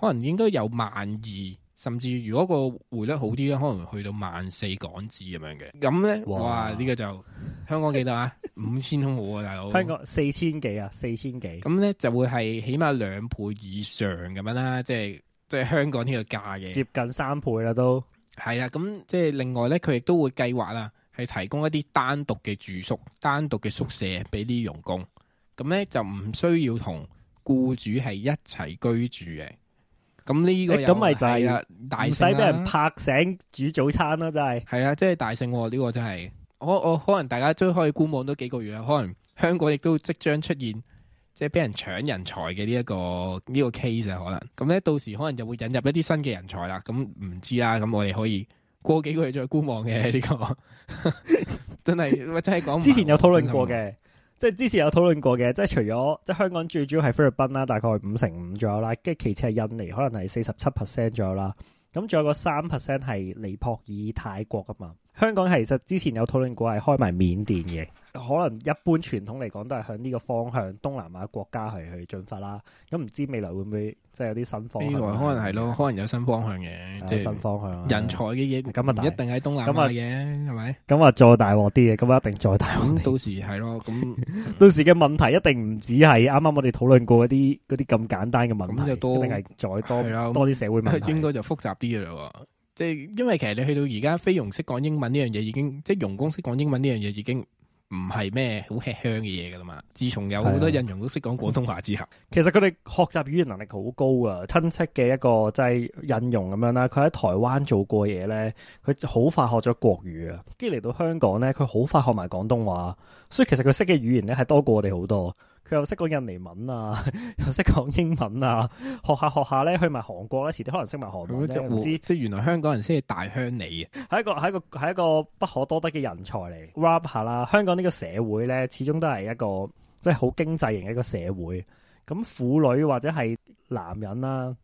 可能應該有萬二。甚至如果個匯率好啲咧，可能去到萬四港紙咁樣嘅。咁咧，哇，呢、這個就香港幾多啊， 五千都好啊，大佬。香港四千幾啊，四千幾。咁咧就會係起碼兩倍以上咁樣啦，即係即係香港呢個價嘅。接近三倍啦都。係啦、啊，咁即係另外咧，佢亦都會計劃啦，係提供一啲單獨嘅住宿、單獨嘅宿舍俾啲傭工。咁咧就唔需要同僱主係一齊居住嘅。咁呢個又係啦、就是啊，大唔使俾人拍醒煮早餐咯、啊，真係係啊！即係大勝喎、啊，呢、這個真係，我我可能大家都可以觀望多幾個月啦。可能香港亦都即將出現，即係俾人搶人才嘅呢一個呢、這個 case 啊。可能咁咧、嗯，到時可能就會引入一啲新嘅人才、嗯、啦。咁唔知啦，咁我哋可以過幾個月再觀望嘅呢、這個， 真係我真係講 之前有討論過嘅。即係之前有討論過嘅，即係除咗即係香港最主要係菲律賓啦，大概五成五左右啦，跟住其次係印尼，可能係四十七 percent 左右啦，咁仲有個三 percent 係尼泊爾、泰國㗎嘛。香港其實之前有討論過係開埋緬甸嘅，可能一般傳統嚟講都係向呢個方向，東南亞國家係去進發啦。咁唔知未來會唔會即係有啲新方向？未來可能係咯，可能有新方向嘅，即係新方向。人才嘅嘢，咁啊，一定喺東南亞嘅，係咪？咁啊、嗯，再大鑊啲嘅，咁啊吧，一定再大鑊。嗯、 到時係咯，咁到時嘅問題一定唔止係啱啱我哋討論過嗰啲啲咁簡單嘅問題，咁一定係再多多啲社會問題，應該就複雜啲嘅啦。即係，因為其實你去到而家，菲傭識講英文呢樣嘢已經，即係傭工識講英文呢樣嘢已經唔係咩好吃香嘅嘢噶啦嘛。自從有好多印傭都識講廣東話之後，嗯、其實佢哋學習語言能力好高噶。親戚嘅一個即係印傭咁樣啦，佢喺台灣做過嘢咧，佢好快學咗國語啊。跟住嚟到香港咧，佢好快學埋廣東話，所以其實佢識嘅語言咧係多過我哋好多。佢又識講印尼文啊，又識講英文啊，學下學下咧，去埋韓國咧，遲啲可能識埋韓文咧。唔、哦、知即係原來香港人先係大鄉里啊，係一個係一個係一個，一個不可多得嘅人才嚟。Rap 下啦，香港呢個社會咧，始終都係一個即係好經濟型嘅一個社會。咁婦女或者係男人啦、啊。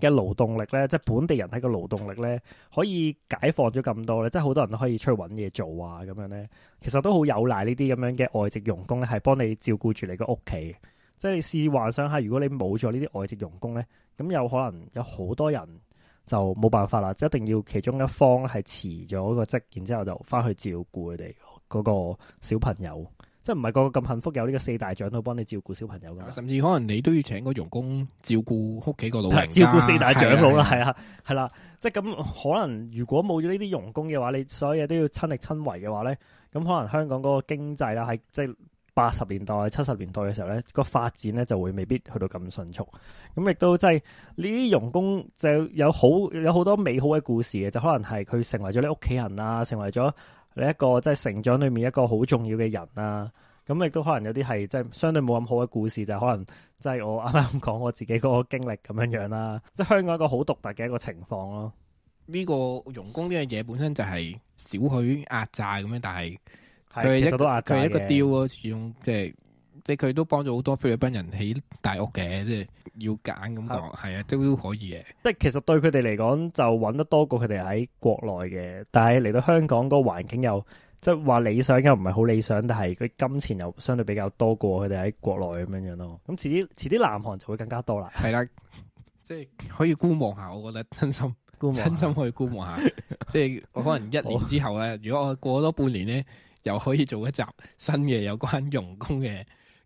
嘅勞動力咧，即係本地人喺個勞動力咧，可以解放咗咁多咧，即係好多人都可以出去揾嘢做啊。咁樣咧，其實都好有賴呢啲咁樣嘅外籍傭工咧，係幫你照顧住你個屋企。即係試幻想下，如果你冇咗呢啲外籍傭工咧，咁有可能有好多人就冇辦法啦，即一定要其中一方係辭咗個職，然之後就翻去照顧佢哋嗰個小朋友。即係唔係個個咁幸福，有呢個四大長老幫你照顧小朋友噶，甚至可能你都要請個傭工照顧屋企個老人家，啊、照顧四大長老啦，係啊是的，係啦，即係咁可能如果冇咗呢啲傭工嘅話，你所有嘢都要親力親為嘅話咧，咁可能香港嗰個經濟啦，係即係八十年代，七十年代嘅時候咧，個發展咧就會未必去到咁迅速，咁亦都即係呢啲傭工就有好有好多美好嘅故事嘅，就可能係佢成為咗你屋企人啦，成為咗。一個即係成長裏面一個好重要嘅人啦、啊，咁、嗯、亦都可能有啲係即係相對冇咁好嘅故事，就是、可能即係我啱啱講我自己嗰個經歷咁樣樣、啊、啦。即係香港一個好獨特嘅一個情況咯、啊。呢個傭工呢樣嘢本身就係少許壓榨咁樣，但係佢係其實都壓榨、佢係一個雕咯，始終即、就、係、是。即佢都幫咗好多菲律賓人起大屋嘅，即係要揀咁講，係啊的，都可以嘅。即係其實對佢哋嚟講，就揾得多過佢哋喺國內嘅。但係嚟到香港個環境又即係話理想又唔係好理想，但係佢金錢又相對比較多過佢哋喺國內咁樣樣咯。咁遲啲遲啲南韓就會更加多啦。係啦， 即係可以觀望下，我覺得真心，觀望真心可以觀望下。即係 我可能一年之後咧，如果我過多半年咧，又可以做一集新嘅有關傭工嘅。